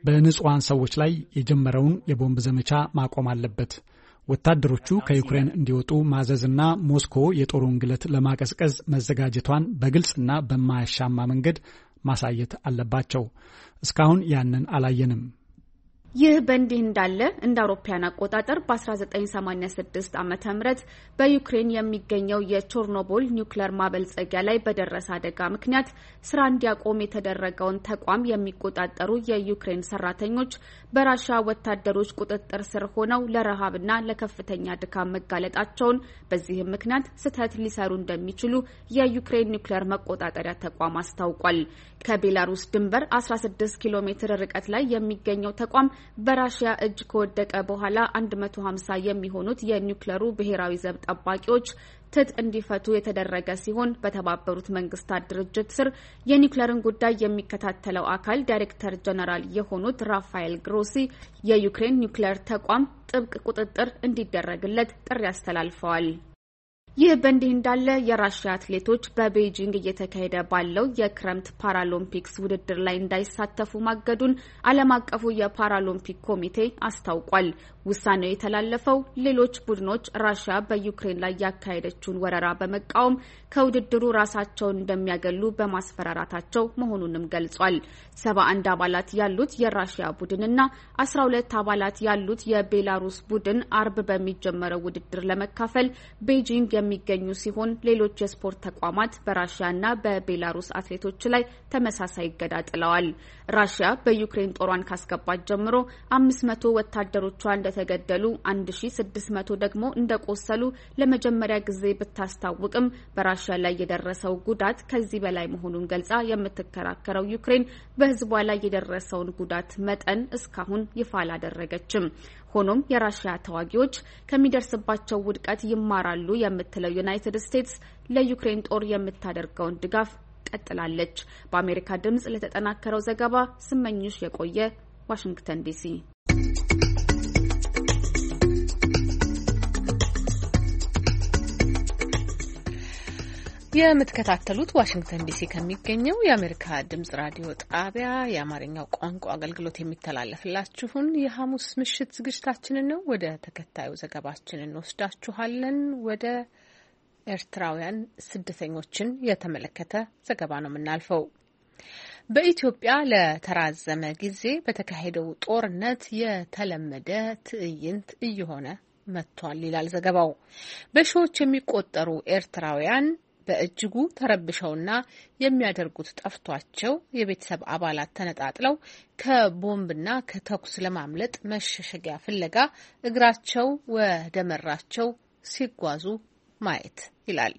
[SPEAKER 8] በንጹሐን ሰዎች ላይ የጀመረውን የቦምብ ዘመቻ ማቆም አለበት። ወታደሮቹ ከዩክሬን እንዲወጡ ማዘዝና ሞስኮ የጦሩን ግለት ለማቀዝቀዝ መዘጋጀቷን በግልጽና በማያሻማ መንገድ ማሳየት አለባቸው። እስካሁን ያንን አላየንም።
[SPEAKER 6] ይህ በእንዲህ እንዳለ እንደ አውሮፓያን አቆጣጠር በ1986 ዓ ም በዩክሬን የሚገኘው የቾርኖቦል ኒውክለር ማበልጸጊያ ላይ በደረሰ አደጋ ምክንያት ስራ እንዲያቆም የተደረገውን ተቋም የሚቆጣጠሩ የዩክሬን ሰራተኞች በራሻ ወታደሮች ቁጥጥር ስር ሆነው ለረሃብና ለከፍተኛ ድካም መጋለጣቸውን፣ በዚህም ምክንያት ስህተት ሊሰሩ እንደሚችሉ የዩክሬን ኒውክለር መቆጣጠሪያ ተቋም አስታውቋል። ከቤላሩስ ድንበር 16 ኪሎ ሜትር ርቀት ላይ የሚገኘው ተቋም በራሽያ እጅ ከወደቀ በኋላ 150 የሚሆኑት የኒውክለሩ ብሔራዊ ዘብ ጠባቂዎች ትጥ እንዲፈቱ የተደረገ ሲሆን በተባበሩት መንግስታት ድርጅት ስር የኒውክለርን ጉዳይ የሚከታተለው አካል ዳይሬክተር ጀነራል የሆኑት ራፋኤል ግሮሲ የዩክሬን ኒውክለር ተቋም ጥብቅ ቁጥጥር እንዲደረግለት ጥሪ አስተላልፈዋል። ይህ በእንዲህ እንዳለ የራሽያ አትሌቶች በቤይጂንግ እየተካሄደ ባለው የክረምት ፓራሎምፒክስ ውድድር ላይ እንዳይሳተፉ ማገዱን ዓለም አቀፉ የፓራሎምፒክ ኮሚቴ አስታውቋል። ውሳኔው የተላለፈው ሌሎች ቡድኖች ራሽያ በዩክሬን ላይ ያካሄደችውን ወረራ በመቃወም ከውድድሩ ራሳቸውን እንደሚያገሉ በማስፈራራታቸው መሆኑንም ገልጿል። ሰባ አንድ አባላት ያሉት የራሽያ ቡድንና አስራ ሁለት አባላት ያሉት የቤላሩስ ቡድን አርብ በሚጀመረው ውድድር ለመካፈል ቤጂንግ የሚገኙ ሲሆን ሌሎች የስፖርት ተቋማት በራሽያና በቤላሩስ አትሌቶች ላይ ተመሳሳይ እገዳ ጥለዋል። ራሽያ በዩክሬን ጦሯን ካስገባች ጀምሮ አምስት መቶ ወታደሮቿ እንደተገደሉ አንድ ሺ ስድስት መቶ ደግሞ እንደቆሰሉ ለመጀመሪያ ጊዜ ብታስታውቅም በራሽያ ላይ የደረሰው ጉዳት ከዚህ በላይ መሆኑን ገልጻ የምትከራከረው ዩክሬን በሕዝቧ ላይ የደረሰውን ጉዳት መጠን እስካሁን ይፋ አላደረገችም። ሆኖም የራሽያ ተዋጊዎች ከሚደርስባቸው ውድቀት ይማራሉ የምትለው ዩናይትድ ስቴትስ ለዩክሬን ጦር የምታደርገውን ድጋፍ ቀጥላለች። በአሜሪካ ድምጽ ለተጠናከረው ዘገባ ስመኝሽ የቆየ ዋሽንግተን ዲሲ።
[SPEAKER 1] የምትከታተሉት ዋሽንግተን ዲሲ ከሚገኘው የአሜሪካ ድምጽ ራዲዮ ጣቢያ የአማርኛው ቋንቋ አገልግሎት የሚተላለፍላችሁን የሐሙስ ምሽት ዝግጅታችንን ነው። ወደ ተከታዩ ዘገባችን እንወስዳችኋለን። ወደ ኤርትራውያን ስደተኞችን የተመለከተ ዘገባ ነው የምናልፈው። በኢትዮጵያ ለተራዘመ ጊዜ በተካሄደው ጦርነት የተለመደ ትዕይንት እየሆነ መጥቷል ይላል ዘገባው። በሺዎች የሚቆጠሩ ኤርትራውያን በእጅጉ ተረብሸውና የሚያደርጉት ጠፍቷቸው የቤተሰብ አባላት ተነጣጥለው ከቦምብና ከተኩስ ለማምለጥ መሸሸጊያ ፍለጋ እግራቸው ወደ መራቸው ሲጓዙ ማየት ይላል።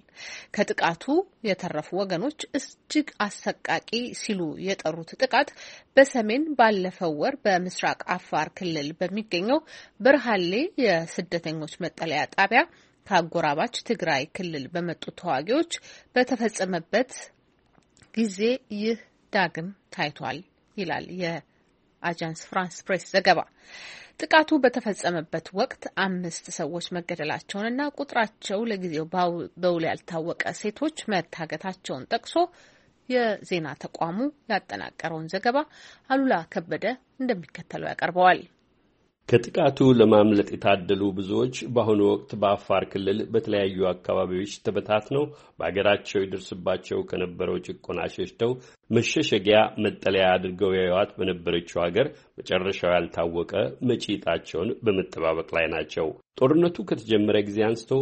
[SPEAKER 1] ከጥቃቱ የተረፉ ወገኖች እጅግ አሰቃቂ ሲሉ የጠሩት ጥቃት በሰሜን ባለፈው ወር በምስራቅ አፋር ክልል በሚገኘው በርሃሌ የስደተኞች መጠለያ ጣቢያ ከአጎራባች ትግራይ ክልል በመጡ ተዋጊዎች በተፈጸመበት ጊዜ ይህ ዳግም ታይቷል ይላል የአጃንስ ፍራንስ ፕሬስ ዘገባ። ጥቃቱ በተፈጸመበት ወቅት አምስት ሰዎች መገደላቸውንና ቁጥራቸው ለጊዜው በውል ያልታወቀ ሴቶች መታገታቸውን ጠቅሶ የዜና ተቋሙ ያጠናቀረውን ዘገባ አሉላ ከበደ እንደሚከተለው
[SPEAKER 9] ያቀርበዋል። ከጥቃቱ ለማምለጥ የታደሉ ብዙዎች በአሁኑ ወቅት በአፋር ክልል በተለያዩ አካባቢዎች ተበታትነው በሀገራቸው ይደርስባቸው ከነበረው ጭቆና ሸሽተው መሸሸጊያ መጠለያ አድርገው ያዩዋት በነበረችው ሀገር መጨረሻው ያልታወቀ መጪጣቸውን በመጠባበቅ ላይ ናቸው። ጦርነቱ ከተጀመረ ጊዜ አንስቶ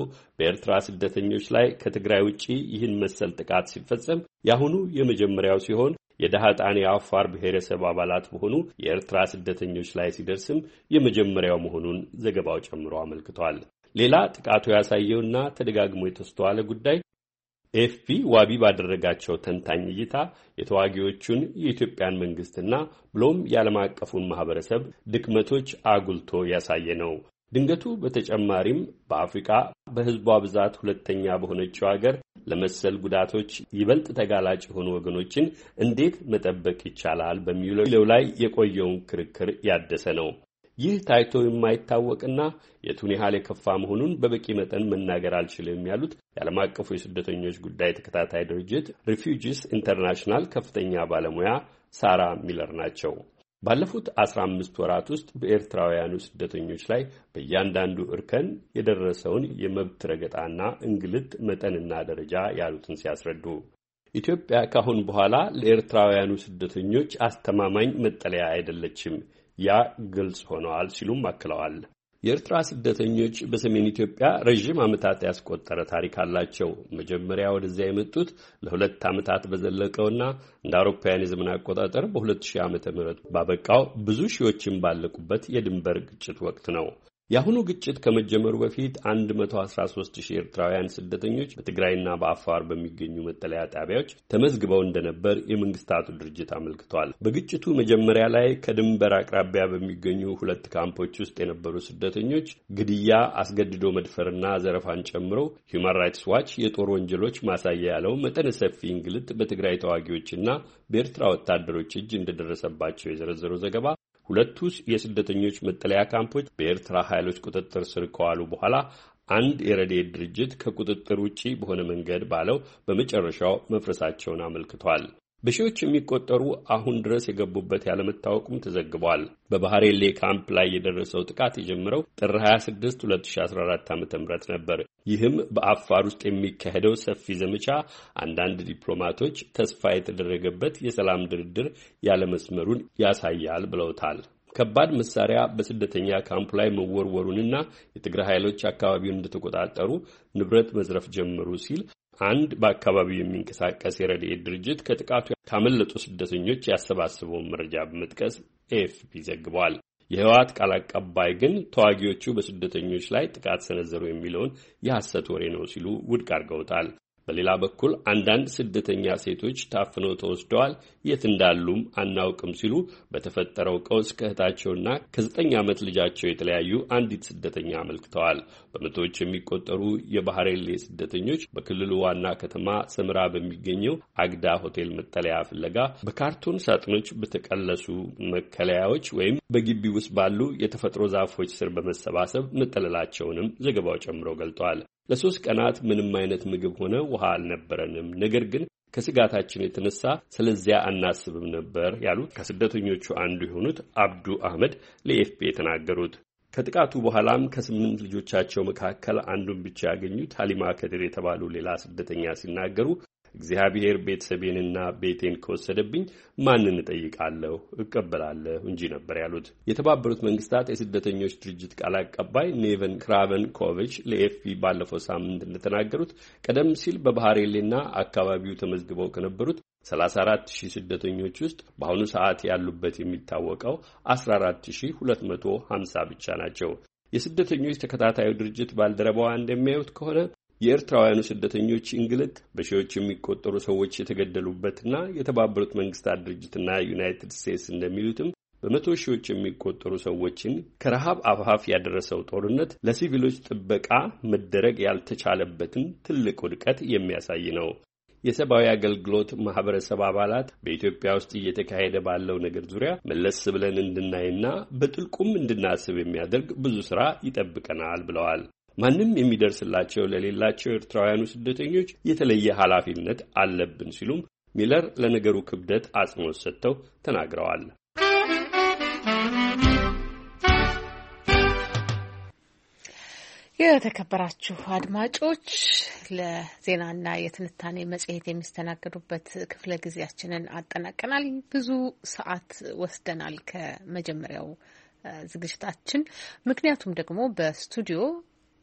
[SPEAKER 9] በኤርትራ ስደተኞች ላይ ከትግራይ ውጪ ይህን መሰል ጥቃት ሲፈጸም የአሁኑ የመጀመሪያው ሲሆን የዳህጣን የአፋር ብሔረሰብ አባላት በሆኑ የኤርትራ ስደተኞች ላይ ሲደርስም የመጀመሪያው መሆኑን ዘገባው ጨምሮ አመልክቷል። ሌላ ጥቃቱ ያሳየውና ተደጋግሞ የተስተዋለ ጉዳይ ኤፍፒ ዋቢ ባደረጋቸው ተንታኝ እይታ የተዋጊዎቹን የኢትዮጵያን መንግስትና ብሎም የዓለም አቀፉን ማህበረሰብ ድክመቶች አጉልቶ ያሳየ ነው። ድንገቱ በተጨማሪም በአፍሪካ በሕዝቧ ብዛት ሁለተኛ በሆነችው ሀገር ለመሰል ጉዳቶች ይበልጥ ተጋላጭ የሆኑ ወገኖችን እንዴት መጠበቅ ይቻላል በሚለው ላይ የቆየውን ክርክር ያደሰ ነው። ይህ ታይቶ የማይታወቅና የቱን ያህል የከፋ መሆኑን በበቂ መጠን መናገር አልችልም ያሉት የዓለም አቀፉ የስደተኞች ጉዳይ ተከታታይ ድርጅት ሪፊውጂስ ኢንተርናሽናል ከፍተኛ ባለሙያ ሳራ ሚለር ናቸው። ባለፉት 15 ወራት ውስጥ በኤርትራውያኑ ስደተኞች ላይ በእያንዳንዱ እርከን የደረሰውን የመብት ረገጣና እንግልት መጠንና ደረጃ ያሉትን ሲያስረዱ ኢትዮጵያ ካሁን በኋላ ለኤርትራውያኑ ስደተኞች አስተማማኝ መጠለያ አይደለችም፣ ያ ግልጽ ሆነዋል ሲሉም አክለዋል። የኤርትራ ስደተኞች በሰሜን ኢትዮጵያ ረዥም ዓመታት ያስቆጠረ ታሪክ አላቸው። መጀመሪያ ወደዚያ የመጡት ለሁለት ዓመታት በዘለቀውና እንደ አውሮፓውያን የዘመን አቆጣጠር በ2000 ዓ ም ባበቃው ብዙ ሺዎችን ባለቁበት የድንበር ግጭት ወቅት ነው። የአሁኑ ግጭት ከመጀመሩ በፊት 113000 ኤርትራውያን ስደተኞች በትግራይና በአፋር በሚገኙ መጠለያ ጣቢያዎች ተመዝግበው እንደነበር የመንግስታቱ ድርጅት አመልክቷል። በግጭቱ መጀመሪያ ላይ ከድንበር አቅራቢያ በሚገኙ ሁለት ካምፖች ውስጥ የነበሩ ስደተኞች ግድያ፣ አስገድዶ መድፈርና ዘረፋን ጨምሮ ሁማን ራይትስ ዋች የጦር ወንጀሎች ማሳያ ያለው መጠነ ሰፊ እንግልት በትግራይ ተዋጊዎችና በኤርትራ ወታደሮች እጅ እንደደረሰባቸው የዘረዘሩ ዘገባ ሁለቱ የስደተኞች መጠለያ ካምፖች በኤርትራ ኃይሎች ቁጥጥር ስር ከዋሉ በኋላ አንድ የረድኤት ድርጅት ከቁጥጥር ውጪ በሆነ መንገድ ባለው በመጨረሻው መፍረሳቸውን አመልክቷል። በሺዎች የሚቆጠሩ አሁን ድረስ የገቡበት ያለመታወቁም ተዘግቧል። በባህሬሌ ካምፕ ላይ የደረሰው ጥቃት የጀመረው ጥር 26 2014 ዓ ም ነበር። ይህም በአፋር ውስጥ የሚካሄደው ሰፊ ዘመቻ አንዳንድ ዲፕሎማቶች ተስፋ የተደረገበት የሰላም ድርድር ያለመስመሩን ያሳያል ብለውታል። ከባድ መሳሪያ በስደተኛ ካምፕ ላይ መወርወሩንና የትግራይ ኃይሎች አካባቢውን እንደተቆጣጠሩ ንብረት መዝረፍ ጀመሩ ሲል አንድ በአካባቢው የሚንቀሳቀስ የረድኤት ድርጅት ከጥቃቱ ካመለጡ ስደተኞች ያሰባስበውን መረጃ በመጥቀስ ኤኤፍፒ ዘግቧል። የህወሓት ቃል አቀባይ ግን ተዋጊዎቹ በስደተኞች ላይ ጥቃት ሰነዘሩ የሚለውን የሐሰት ወሬ ነው ሲሉ ውድቅ አድርገውታል። በሌላ በኩል አንዳንድ ስደተኛ ሴቶች ታፍነው ተወስደዋል፣ የት እንዳሉም አናውቅም ሲሉ በተፈጠረው ቀውስ ከእህታቸውና ከዘጠኝ ዓመት ልጃቸው የተለያዩ አንዲት ስደተኛ አመልክተዋል። በመቶዎች የሚቆጠሩ የባህሬሌ ስደተኞች በክልሉ ዋና ከተማ ሰምራ በሚገኘው አግዳ ሆቴል መጠለያ ፍለጋ በካርቶን ሳጥኖች በተቀለሱ መከለያዎች ወይም በግቢ ውስጥ ባሉ የተፈጥሮ ዛፎች ስር በመሰባሰብ መጠለላቸውንም ዘገባው ጨምሮ ገልጠዋል። ለሶስት ቀናት ምንም አይነት ምግብ ሆነ ውሃ አልነበረንም። ነገር ግን ከስጋታችን የተነሳ ስለዚያ አናስብም ነበር ያሉት ከስደተኞቹ አንዱ የሆኑት አብዱ አህመድ ለኤፍፒ የተናገሩት። ከጥቃቱ በኋላም ከስምንት ልጆቻቸው መካከል አንዱን ብቻ ያገኙት ሀሊማ ከድር የተባሉ ሌላ ስደተኛ ሲናገሩ እግዚአብሔር ቤተሰቤንና ቤቴን ከወሰደብኝ ማንን እጠይቃለሁ? እቀበላለሁ እንጂ ነበር ያሉት። የተባበሩት መንግስታት የስደተኞች ድርጅት ቃል አቀባይ ኔቨን ክራቨን ኮቪች ለኤፍፒ ባለፈው ሳምንት እንደተናገሩት ቀደም ሲል በባህሬሌና አካባቢው ተመዝግበው ከነበሩት 34000 ስደተኞች ውስጥ በአሁኑ ሰዓት ያሉበት የሚታወቀው 14250 ብቻ ናቸው። የስደተኞች ተከታታዩ ድርጅት ባልደረባዋ እንደሚያዩት ከሆነ የኤርትራውያኑ ስደተኞች እንግልት በሺዎች የሚቆጠሩ ሰዎች የተገደሉበትና የተባበሩት መንግስታት ድርጅትና ዩናይትድ ስቴትስ እንደሚሉትም በመቶ ሺዎች የሚቆጠሩ ሰዎችን ከረሃብ አፋፍ ያደረሰው ጦርነት ለሲቪሎች ጥበቃ መደረግ ያልተቻለበትን ትልቅ ውድቀት የሚያሳይ ነው። የሰብአዊ አገልግሎት ማህበረሰብ አባላት በኢትዮጵያ ውስጥ እየተካሄደ ባለው ነገር ዙሪያ መለስ ብለን እንድናይና በጥልቁም እንድናስብ የሚያደርግ ብዙ ስራ ይጠብቀናል ብለዋል። ማንም የሚደርስላቸው ለሌላቸው ኤርትራውያኑ ስደተኞች የተለየ ኃላፊነት አለብን ሲሉም ሚለር ለነገሩ ክብደት አጽንኦት ሰጥተው ተናግረዋል።
[SPEAKER 1] የተከበራችሁ አድማጮች ለዜናና የትንታኔ መጽሔት የሚስተናገዱበት ክፍለ ጊዜያችንን አጠናቀናል። ብዙ ሰዓት ወስደናል ከመጀመሪያው ዝግጅታችን። ምክንያቱም ደግሞ በስቱዲዮ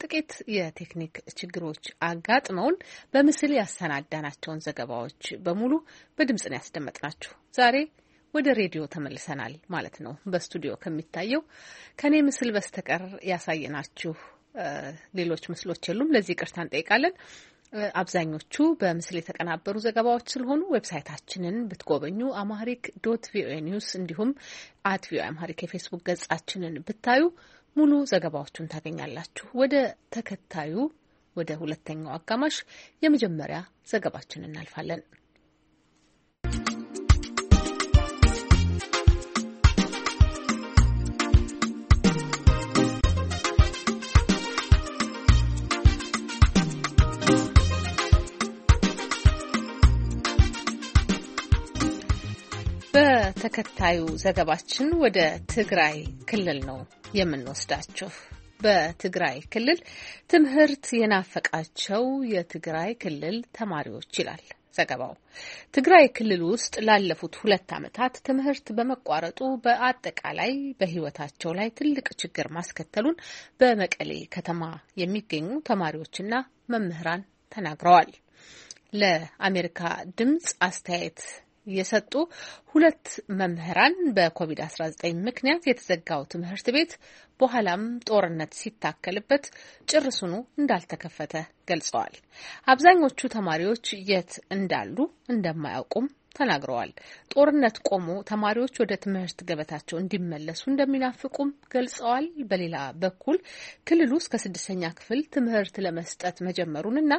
[SPEAKER 1] ጥቂት የቴክኒክ ችግሮች አጋጥመውን በምስል ያሰናዳናቸውን ዘገባዎች በሙሉ በድምጽን ያስደመጥናችሁ ዛሬ ወደ ሬዲዮ ተመልሰናል ማለት ነው። በስቱዲዮ ከሚታየው ከኔ ምስል በስተቀር ያሳየናችሁ ሌሎች ምስሎች የሉም። ለዚህ ይቅርታ እንጠይቃለን። አብዛኞቹ በምስል የተቀናበሩ ዘገባዎች ስለሆኑ ዌብሳይታችንን ብትጎበኙ አማሪክ ዶት ቪኦኤ ኒውስ እንዲሁም አት ቪኦኤ አማሪክ የፌስቡክ ገጻችንን ብታዩ ሙሉ ዘገባዎቹን ታገኛላችሁ። ወደ ተከታዩ ወደ ሁለተኛው አጋማሽ የመጀመሪያ ዘገባችን እናልፋለን። በተከታዩ ዘገባችን ወደ ትግራይ ክልል ነው የምንወስዳችሁ። በትግራይ ክልል ትምህርት የናፈቃቸው የትግራይ ክልል ተማሪዎች ይላል ዘገባው። ትግራይ ክልል ውስጥ ላለፉት ሁለት ዓመታት ትምህርት በመቋረጡ በአጠቃላይ በሕይወታቸው ላይ ትልቅ ችግር ማስከተሉን በመቀሌ ከተማ የሚገኙ ተማሪዎችና መምህራን ተናግረዋል። ለአሜሪካ ድምጽ አስተያየት የሰጡ ሁለት መምህራን በኮቪድ-19 ምክንያት የተዘጋው ትምህርት ቤት በኋላም ጦርነት ሲታከልበት ጭርሱኑ እንዳልተከፈተ ገልጸዋል። አብዛኞቹ ተማሪዎች የት እንዳሉ እንደማያውቁም ተናግረዋል። ጦርነት ቆሞ ተማሪዎች ወደ ትምህርት ገበታቸው እንዲመለሱ እንደሚናፍቁም ገልጸዋል። በሌላ በኩል ክልሉ እስከ ስድስተኛ ክፍል ትምህርት ለመስጠት መጀመሩን እና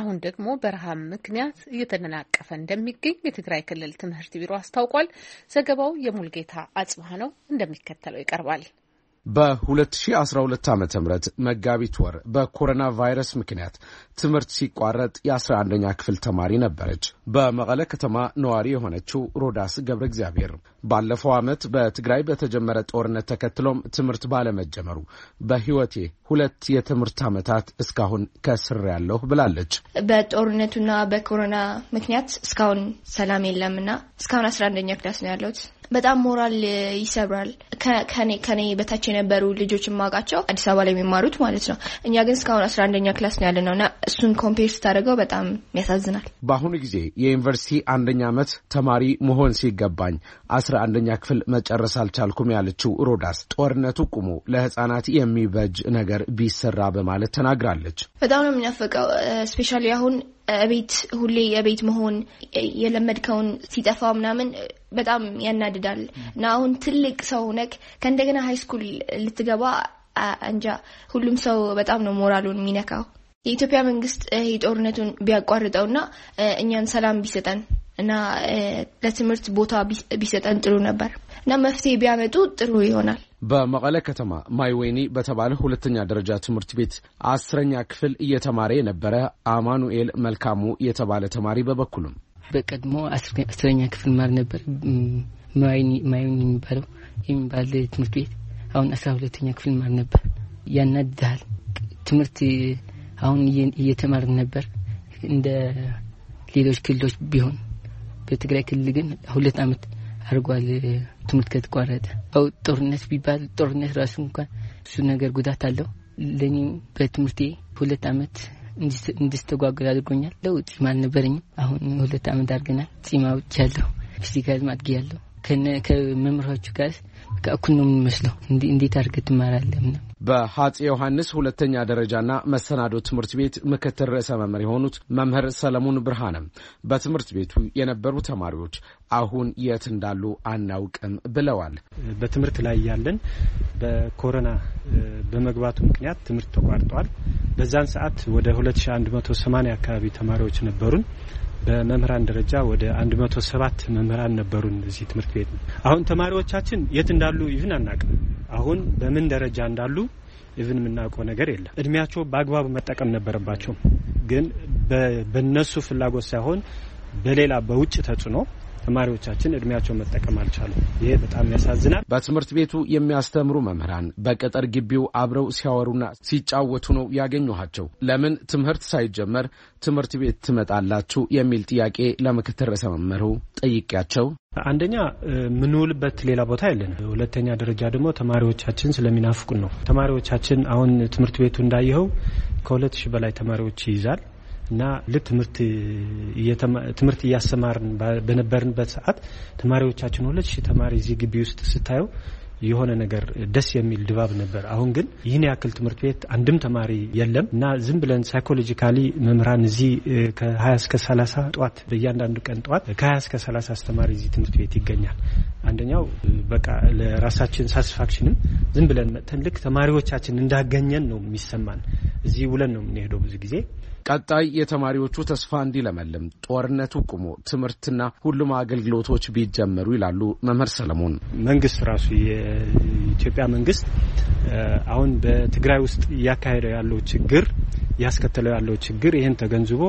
[SPEAKER 1] አሁን ደግሞ በረሃብ ምክንያት እየተደናቀፈ እንደሚገኝ የትግራይ ክልል ትምህርት ቢሮ አስታውቋል። ዘገባው የሙልጌታ አጽባህ ነው፣ እንደሚከተለው ይቀርባል።
[SPEAKER 10] በ2012 ዓ ም መጋቢት ወር በኮሮና ቫይረስ ምክንያት ትምህርት ሲቋረጥ የ11ኛ ክፍል ተማሪ ነበረች። በመቀለ ከተማ ነዋሪ የሆነችው ሮዳስ ገብረ እግዚአብሔር ባለፈው ዓመት በትግራይ በተጀመረ ጦርነት ተከትሎም ትምህርት ባለመጀመሩ በሕይወቴ ሁለት የትምህርት ዓመታት እስካሁን ከስር ያለሁ ብላለች።
[SPEAKER 6] በጦርነቱና በኮሮና ምክንያት እስካሁን ሰላም የለምና እስካሁን 11ኛ ክላስ ነው ያለሁት በጣም ሞራል ይሰብራል። ከኔ ከኔ በታች የነበሩ ልጆች የማውቃቸው አዲስ አበባ ላይ የሚማሩት ማለት ነው። እኛ ግን እስካሁን አስራ አንደኛ ክላስ ነው ያለ ነው እና እሱን ኮምፔር ስታደርገው በጣም ያሳዝናል።
[SPEAKER 10] በአሁኑ ጊዜ የዩኒቨርሲቲ አንደኛ ዓመት ተማሪ መሆን ሲገባኝ አስራ አንደኛ ክፍል መጨረስ አልቻልኩም ያለችው ሮዳስ ጦርነቱ ቁሞ ለህጻናት የሚበጅ ነገር ቢሰራ በማለት ተናግራለች።
[SPEAKER 3] በጣም ነው
[SPEAKER 6] የሚናፈቀው ስፔሻሊ አሁን ቤት ሁሌ የቤት መሆን የለመድከውን ሲጠፋ ምናምን በጣም ያናድዳል እና አሁን ትልቅ ሰው ነክ ከእንደገና ሃይስኩል ልትገባ እንጃ ሁሉም ሰው በጣም ነው ሞራሉን የሚነካው። የኢትዮጵያ መንግስት ይህ ጦርነቱን ቢያቋርጠው እና እኛን ሰላም ቢሰጠን እና ለትምህርት ቦታ ቢሰጠን ጥሩ ነበር እና መፍትሄ ቢያመጡ ጥሩ ይሆናል።
[SPEAKER 10] በመቀለ ከተማ ማይወይኒ በተባለ ሁለተኛ ደረጃ ትምህርት ቤት አስረኛ ክፍል እየተማረ የነበረ አማኑኤል መልካሙ የተባለ ተማሪ በበኩሉም
[SPEAKER 11] በቀድሞ አስረኛ ክፍል ማር ነበር ማይወይኒ የሚባለው የሚባል ትምህርት ቤት አሁን አስራ ሁለተኛ ክፍል ማር ነበር። ያናድሃል ትምህርት አሁን እየተማርን ነበር እንደ ሌሎች ክልሎች ቢሆን በትግራይ ክልል ግን ሁለት ዓመት አድርጓል። ትምህርት ከተቋረጠ ው ጦርነት ቢባል ጦርነት ራሱ እንኳን እሱ ነገር ጉዳት አለው። ለእኔም በትምህርቴ ሁለት አመት እንድስተጓጉል አድርጎኛል። ለውጥ ጺም አልነበረኝም። አሁን ሁለት ዓመት አድርገናል። ጺም አውጥቻለሁ። ፊዚካል ማድግ ያለው ከመምህራቹ ጋር እኩል ነው የምንመስለው። እንዴት አድርገህ ትማራለህ ምናምን
[SPEAKER 10] በሀፄ ዮሐንስ ሁለተኛ ደረጃና መሰናዶ ትምህርት ቤት ምክትል ርዕሰ መምህር የሆኑት መምህር ሰለሞን ብርሃንም በትምህርት ቤቱ የነበሩ ተማሪዎች አሁን የት እንዳሉ አናውቅም ብለዋል። በትምህርት ላይ ያለን
[SPEAKER 12] በኮሮና በመግባቱ ምክንያት ትምህርት ተቋርጧል። በዛን ሰዓት ወደ 2180 አካባቢ ተማሪዎች ነበሩን። በመምህራን ደረጃ ወደ ሰባት መምህራን ነበሩን እዚህ ትምህርት ቤት። አሁን ተማሪዎቻችን የት እንዳሉ ይህን አናቅም። አሁን በምን ደረጃ እንዳሉ ይህን የምናውቀው ነገር የለም። እድሜያቸው በአግባቡ መጠቀም ነበረባቸው፣ ግን በነሱ ፍላጎት ሳይሆን በሌላ በውጭ ተጽዕኖ
[SPEAKER 10] ተማሪዎቻችን እድሜያቸውን መጠቀም አልቻሉም። ይሄ በጣም ያሳዝናል። በትምህርት ቤቱ የሚያስተምሩ መምህራን በቅጥር ግቢው አብረው ሲያወሩና ሲጫወቱ ነው ያገኘኋቸው። ለምን ትምህርት ሳይጀመር ትምህርት ቤት ትመጣላችሁ የሚል ጥያቄ ለምክትል ርዕሰ መምህሩ ጠይቄያቸው
[SPEAKER 12] አንደኛ ምንውልበት ሌላ ቦታ የለንም። ሁለተኛ ደረጃ ደግሞ ተማሪዎቻችን ስለሚናፍቁን ነው። ተማሪዎቻችን አሁን ትምህርት ቤቱ እንዳየኸው ከሁለት ሺህ በላይ ተማሪዎች ይይዛል። እና ልክ ትምህርት እያሰማርን በነበርንበት ሰዓት ተማሪዎቻችን ሁለት ሺህ ተማሪ እዚህ ግቢ ውስጥ ስታየው የሆነ ነገር ደስ የሚል ድባብ ነበር። አሁን ግን ይህን ያክል ትምህርት ቤት አንድም ተማሪ የለም እና ዝም ብለን ሳይኮሎጂካሊ መምህራን እዚህ ከ20 እስከ 30 ጠዋት በእያንዳንዱ ቀን ጠዋት ከ20 እስከ 30 አስተማሪ እዚህ ትምህርት ቤት ይገኛል። አንደኛው በቃ ለራሳችን ሳቲስፋክሽንም
[SPEAKER 10] ዝም ብለን መጥተን ልክ ተማሪዎቻችን እንዳገኘን ነው የሚሰማን። እዚህ ውለን ነው የምንሄደው ብዙ ጊዜ ቀጣይ የተማሪዎቹ ተስፋ እንዲለመልም ጦርነቱ ቁሞ ትምህርትና ሁሉም አገልግሎቶች ቢጀመሩ ይላሉ መምህር ሰለሞን። መንግስት ራሱ የኢትዮጵያ
[SPEAKER 12] መንግስት አሁን በትግራይ ውስጥ እያካሄደው ያለው ችግር እያስከተለው ያለው ችግር ይህን ተገንዝቦ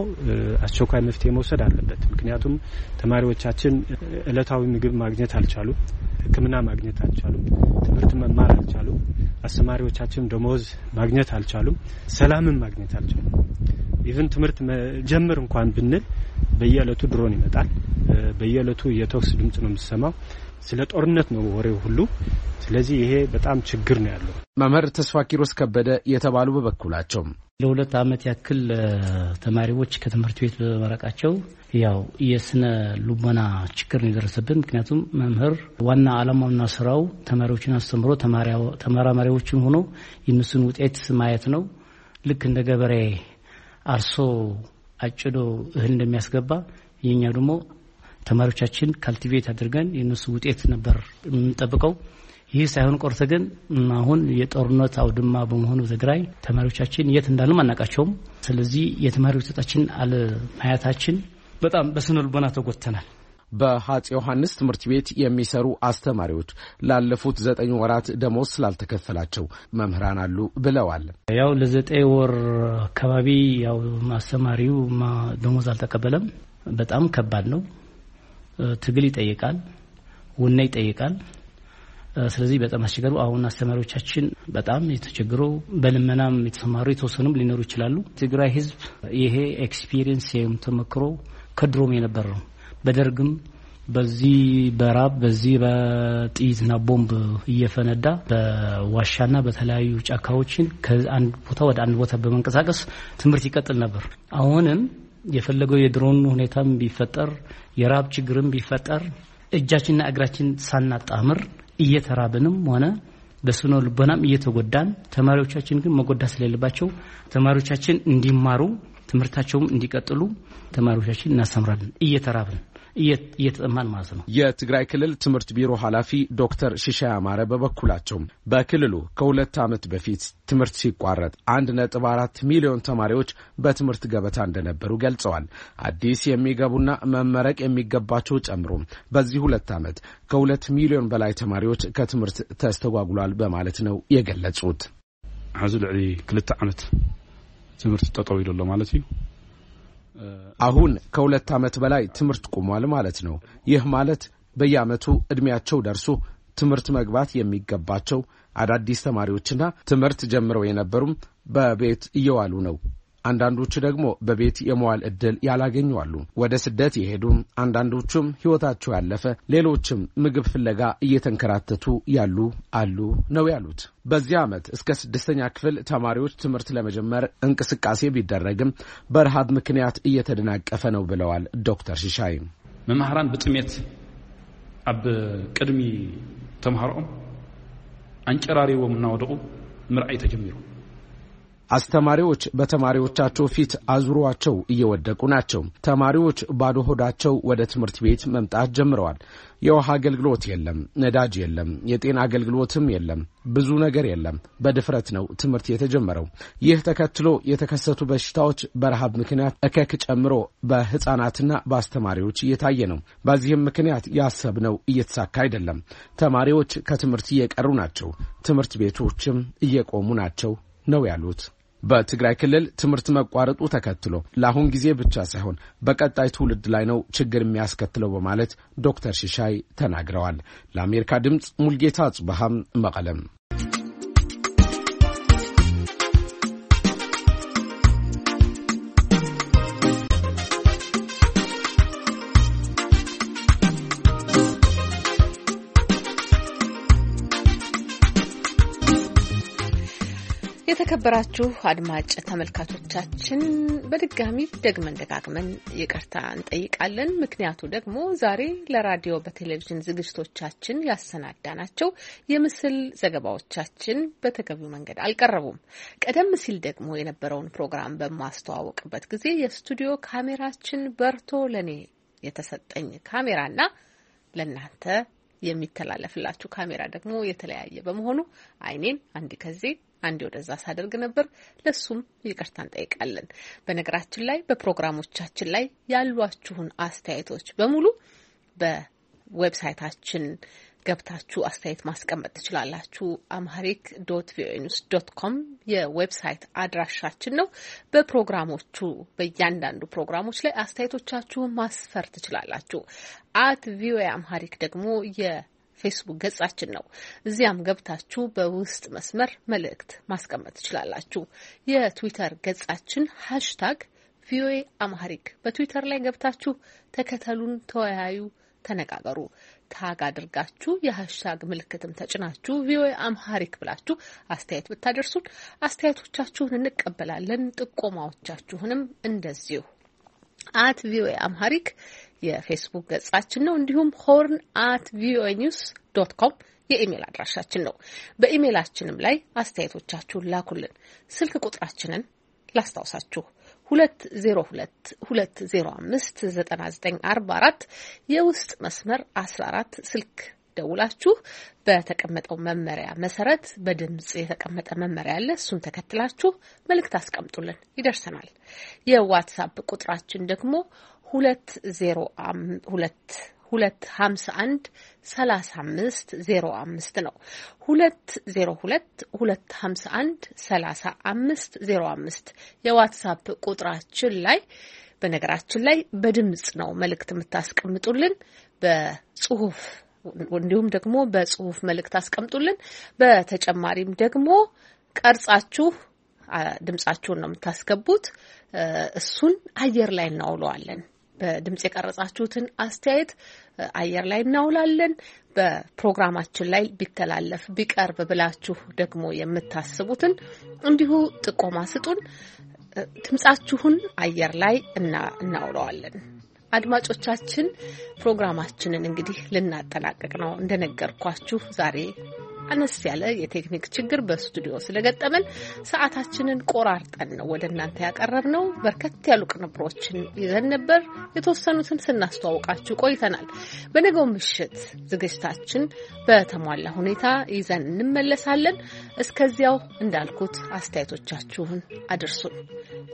[SPEAKER 12] አስቸኳይ መፍትሄ መውሰድ አለበት። ምክንያቱም ተማሪዎቻችን እለታዊ ምግብ ማግኘት አልቻሉም፣ ሕክምና ማግኘት አልቻሉም፣ ትምህርት መማር አልቻሉም፣ አስተማሪዎቻችን ደሞዝ ማግኘት አልቻሉም፣ ሰላምን ማግኘት አልቻሉም። ኢቨን ትምህርት ጀምር እንኳን ብንል በየዕለቱ ድሮን ይመጣል። በየዕለቱ የተኩስ ድምጽ ነው የሚሰማው ስለ ጦርነት ነው ወሬው ሁሉ። ስለዚህ ይሄ በጣም
[SPEAKER 10] ችግር ነው ያለው። መምህር ተስፋ ኪሮስ ከበደ የተባሉ በበኩላቸው
[SPEAKER 11] ለሁለት ዓመት ያክል ተማሪዎች ከትምህርት ቤት በመረቃቸው ያው የስነ ልቦና ችግር ነው የደረሰብን። ምክንያቱም መምህር ዋና ዓላማውና ስራው ተማሪዎችን አስተምሮ ተመራማሪዎችን ሆኖ የእነሱን ውጤት ማየት ነው። ልክ እንደ ገበሬ አርሶ አጭዶ እህል እንደሚያስገባ የኛ ደግሞ ተማሪዎቻችን ካልቲቬት አድርገን የእነሱ ውጤት ነበር የምንጠብቀው። ይህ ሳይሆን ቆርተ ግን አሁን የጦርነት አውድማ በመሆኑ ትግራይ ተማሪዎቻችን የት እንዳሉም አናቃቸውም። ስለዚህ የተማሪ ውጤታችን አለማየታችን በጣም በስነ ልቦና
[SPEAKER 10] በሀፄ ዮሐንስ ትምህርት ቤት የሚሰሩ አስተማሪዎች ላለፉት ዘጠኝ ወራት ደሞዝ
[SPEAKER 11] ስላልተከፈላቸው መምህራን አሉ ብለዋል። ያው ለዘጠኝ ወር አካባቢ ያው አስተማሪው ደሞዝ አልተቀበለም። በጣም ከባድ ነው። ትግል ይጠይቃል፣ ውና ይጠይቃል። ስለዚህ በጣም አስቸገሩ። አሁን አስተማሪዎቻችን በጣም የተቸግሮ በልመናም የተሰማሩ የተወሰኑም ሊኖሩ ይችላሉ። ትግራይ ህዝብ ይሄ ኤክስፒሪየንስ ወይም ተመክሮ ከድሮም የነበር ነው። በደርግም በዚህ በራብ በዚህ በጥይትና ቦምብ እየፈነዳ በዋሻና በተለያዩ ጫካዎችን ከአንድ ቦታ ወደ አንድ ቦታ በመንቀሳቀስ ትምህርት ይቀጥል ነበር። አሁንም የፈለገው የድሮን ሁኔታም ቢፈጠር የራብ ችግርም ቢፈጠር እጃችንና እግራችን ሳናጣምር እየተራብንም ሆነ በስነ ልቦናም እየተጎዳን ተማሪዎቻችን ግን መጎዳት ስለሌለባቸው ተማሪዎቻችን እንዲማሩ ትምህርታቸውም እንዲቀጥሉ ተማሪዎቻችን እናሰምራለን እየተራብን እየተጠማን ማለት ነው።
[SPEAKER 10] የትግራይ ክልል ትምህርት ቢሮ ኃላፊ ዶክተር ሽሻይ አማረ በበኩላቸው በክልሉ ከሁለት ዓመት በፊት ትምህርት ሲቋረጥ አንድ ነጥብ አራት ሚሊዮን ተማሪዎች በትምህርት ገበታ እንደነበሩ ገልጸዋል። አዲስ የሚገቡና መመረቅ የሚገባቸው ጨምሮ በዚህ ሁለት ዓመት ከሁለት ሚሊዮን በላይ ተማሪዎች ከትምህርት ተስተጓጉሏል በማለት ነው የገለጹት። አብዚ ልዕሊ ክልተ ዓመት ትምህርት ጠጠው ይለሎ ማለት እዩ አሁን ከሁለት ዓመት በላይ ትምህርት ቁሟል ማለት ነው። ይህ ማለት በየዓመቱ ዕድሜያቸው ደርሶ ትምህርት መግባት የሚገባቸው አዳዲስ ተማሪዎችና ትምህርት ጀምረው የነበሩም በቤት እየዋሉ ነው አንዳንዶቹ ደግሞ በቤት የመዋል ዕድል ያላገኙ አሉ። ወደ ስደት የሄዱም አንዳንዶቹም ሕይወታቸው ያለፈ፣ ሌሎችም ምግብ ፍለጋ እየተንከራተቱ ያሉ አሉ ነው ያሉት። በዚህ ዓመት እስከ ስድስተኛ ክፍል ተማሪዎች ትምህርት ለመጀመር እንቅስቃሴ ቢደረግም በረሃብ ምክንያት እየተደናቀፈ ነው ብለዋል ዶክተር ሽሻይ።
[SPEAKER 9] መምህራን ብጥሜት ኣብ ቅድሚ ተምሃሮኦም አንጨራሪቦም እናወደቁ ምርኣይ ተጀሚሩ
[SPEAKER 10] አስተማሪዎች በተማሪዎቻቸው ፊት አዙሯቸው እየወደቁ ናቸው። ተማሪዎች ባዶ ሆዳቸው ወደ ትምህርት ቤት መምጣት ጀምረዋል። የውሃ አገልግሎት የለም፣ ነዳጅ የለም፣ የጤና አገልግሎትም የለም፣ ብዙ ነገር የለም። በድፍረት ነው ትምህርት የተጀመረው። ይህ ተከትሎ የተከሰቱ በሽታዎች በረሃብ ምክንያት እከክ ጨምሮ በሕፃናትና በአስተማሪዎች እየታየ ነው። በዚህም ምክንያት ያሰብነው እየተሳካ አይደለም። ተማሪዎች ከትምህርት እየቀሩ ናቸው፣ ትምህርት ቤቶችም እየቆሙ ናቸው ነው ያሉት። በትግራይ ክልል ትምህርት መቋረጡ ተከትሎ ለአሁን ጊዜ ብቻ ሳይሆን በቀጣይ ትውልድ ላይ ነው ችግር የሚያስከትለው በማለት ዶክተር ሽሻይ ተናግረዋል። ለአሜሪካ ድምፅ ሙልጌታ አጽበሃም መቀለም
[SPEAKER 1] የተከበራችሁ አድማጭ ተመልካቾቻችን በድጋሚ ደግመን ደጋግመን ይቅርታ እንጠይቃለን። ምክንያቱ ደግሞ ዛሬ ለራዲዮ በቴሌቪዥን ዝግጅቶቻችን ያሰናዳ ናቸው የምስል ዘገባዎቻችን በተገቢው መንገድ አልቀረቡም። ቀደም ሲል ደግሞ የነበረውን ፕሮግራም በማስተዋወቅበት ጊዜ የስቱዲዮ ካሜራችን በርቶ ለእኔ የተሰጠኝ ካሜራና ለእናንተ የሚተላለፍላችሁ ካሜራ ደግሞ የተለያየ በመሆኑ ዓይኔን አንድ ከዚህ አንዴ ወደዛ ሳደርግ ነበር። ለሱም ይቅርታ እንጠይቃለን። በነገራችን ላይ በፕሮግራሞቻችን ላይ ያሏችሁን አስተያየቶች በሙሉ በዌብሳይታችን ገብታችሁ አስተያየት ማስቀመጥ ትችላላችሁ። አምሃሪክ ዶት ቪኦኤ ኒውስ ዶት ኮም የዌብሳይት አድራሻችን ነው። በፕሮግራሞቹ በእያንዳንዱ ፕሮግራሞች ላይ አስተያየቶቻችሁን ማስፈር ትችላላችሁ። አት ቪኦኤ አምሃሪክ ደግሞ ፌስቡክ ገጻችን ነው። እዚያም ገብታችሁ በውስጥ መስመር መልእክት ማስቀመጥ ትችላላችሁ። የትዊተር ገጻችን ሃሽታግ ቪኦኤ አማሪክ በትዊተር ላይ ገብታችሁ ተከተሉን፣ ተወያዩ፣ ተነጋገሩ። ታግ አድርጋችሁ የሀሽታግ ምልክትም ተጭናችሁ ቪኦኤ አምሃሪክ ብላችሁ አስተያየት ብታደርሱን አስተያየቶቻችሁን እንቀበላለን። ጥቆማዎቻችሁንም እንደዚሁ አት ቪኦኤ አምሃሪክ የፌስቡክ ገጻችን ነው። እንዲሁም ሆርን አት ቪኦኤ ኒውስ ዶት ኮም የኢሜል አድራሻችን ነው። በኢሜላችንም ላይ አስተያየቶቻችሁን ላኩልን። ስልክ ቁጥራችንን ላስታውሳችሁ 2022059944 የውስጥ መስመር 14 ስልክ ደውላችሁ በተቀመጠው መመሪያ መሰረት በድምጽ የተቀመጠ መመሪያ አለ። እሱን ተከትላችሁ መልእክት አስቀምጡልን፣ ይደርሰናል። የዋትሳፕ ቁጥራችን ደግሞ ሁለት ዜሮ ሁለት ሁለት ሀምሳ አንድ ሰላሳ አምስት ዜሮ አምስት ነው። ሁለት ዜሮ ሁለት ሁለት ሀምሳ አንድ ሰላሳ አምስት ዜሮ አምስት የዋትሳፕ ቁጥራችን ላይ በነገራችን ላይ በድምጽ ነው መልእክት የምታስቀምጡልን በጽሁፍ እንዲሁም ደግሞ በጽሁፍ መልእክት አስቀምጡልን። በተጨማሪም ደግሞ ቀርጻችሁ ድምጻችሁን ነው የምታስገቡት። እሱን አየር ላይ እናውለዋለን። በድምጽ የቀረጻችሁትን አስተያየት አየር ላይ እናውላለን። በፕሮግራማችን ላይ ቢተላለፍ ቢቀርብ ብላችሁ ደግሞ የምታስቡትን እንዲሁ ጥቆማ ስጡን። ድምጻችሁን አየር ላይ እናውለዋለን። አድማጮቻችን ፕሮግራማችንን እንግዲህ ልናጠናቀቅ ነው። እንደነገርኳችሁ ዛሬ አነስ ያለ የቴክኒክ ችግር በስቱዲዮ ስለገጠመን ሰዓታችንን ቆራርጠን ነው ወደ እናንተ ያቀረብ ነው። በርከት ያሉ ቅንብሮችን ይዘን ነበር። የተወሰኑትን ስናስተዋውቃችሁ ቆይተናል። በነገው ምሽት ዝግጅታችን በተሟላ ሁኔታ ይዘን እንመለሳለን። እስከዚያው እንዳልኩት አስተያየቶቻችሁን አድርሱን።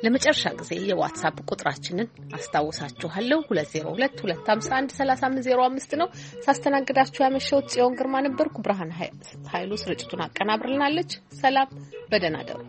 [SPEAKER 1] ለመጨረሻ ጊዜ የዋትሳፕ ቁጥራችንን አስታውሳችኋለሁ 2022513505 ነው። ሳስተናግዳችሁ ያመሸሁት ጽዮን ግርማ ነበርኩ። ብርሃን ኃይሉ ስርጭቱን አቀናብርልናለች። ሰላም፣ በደህና ደሩ።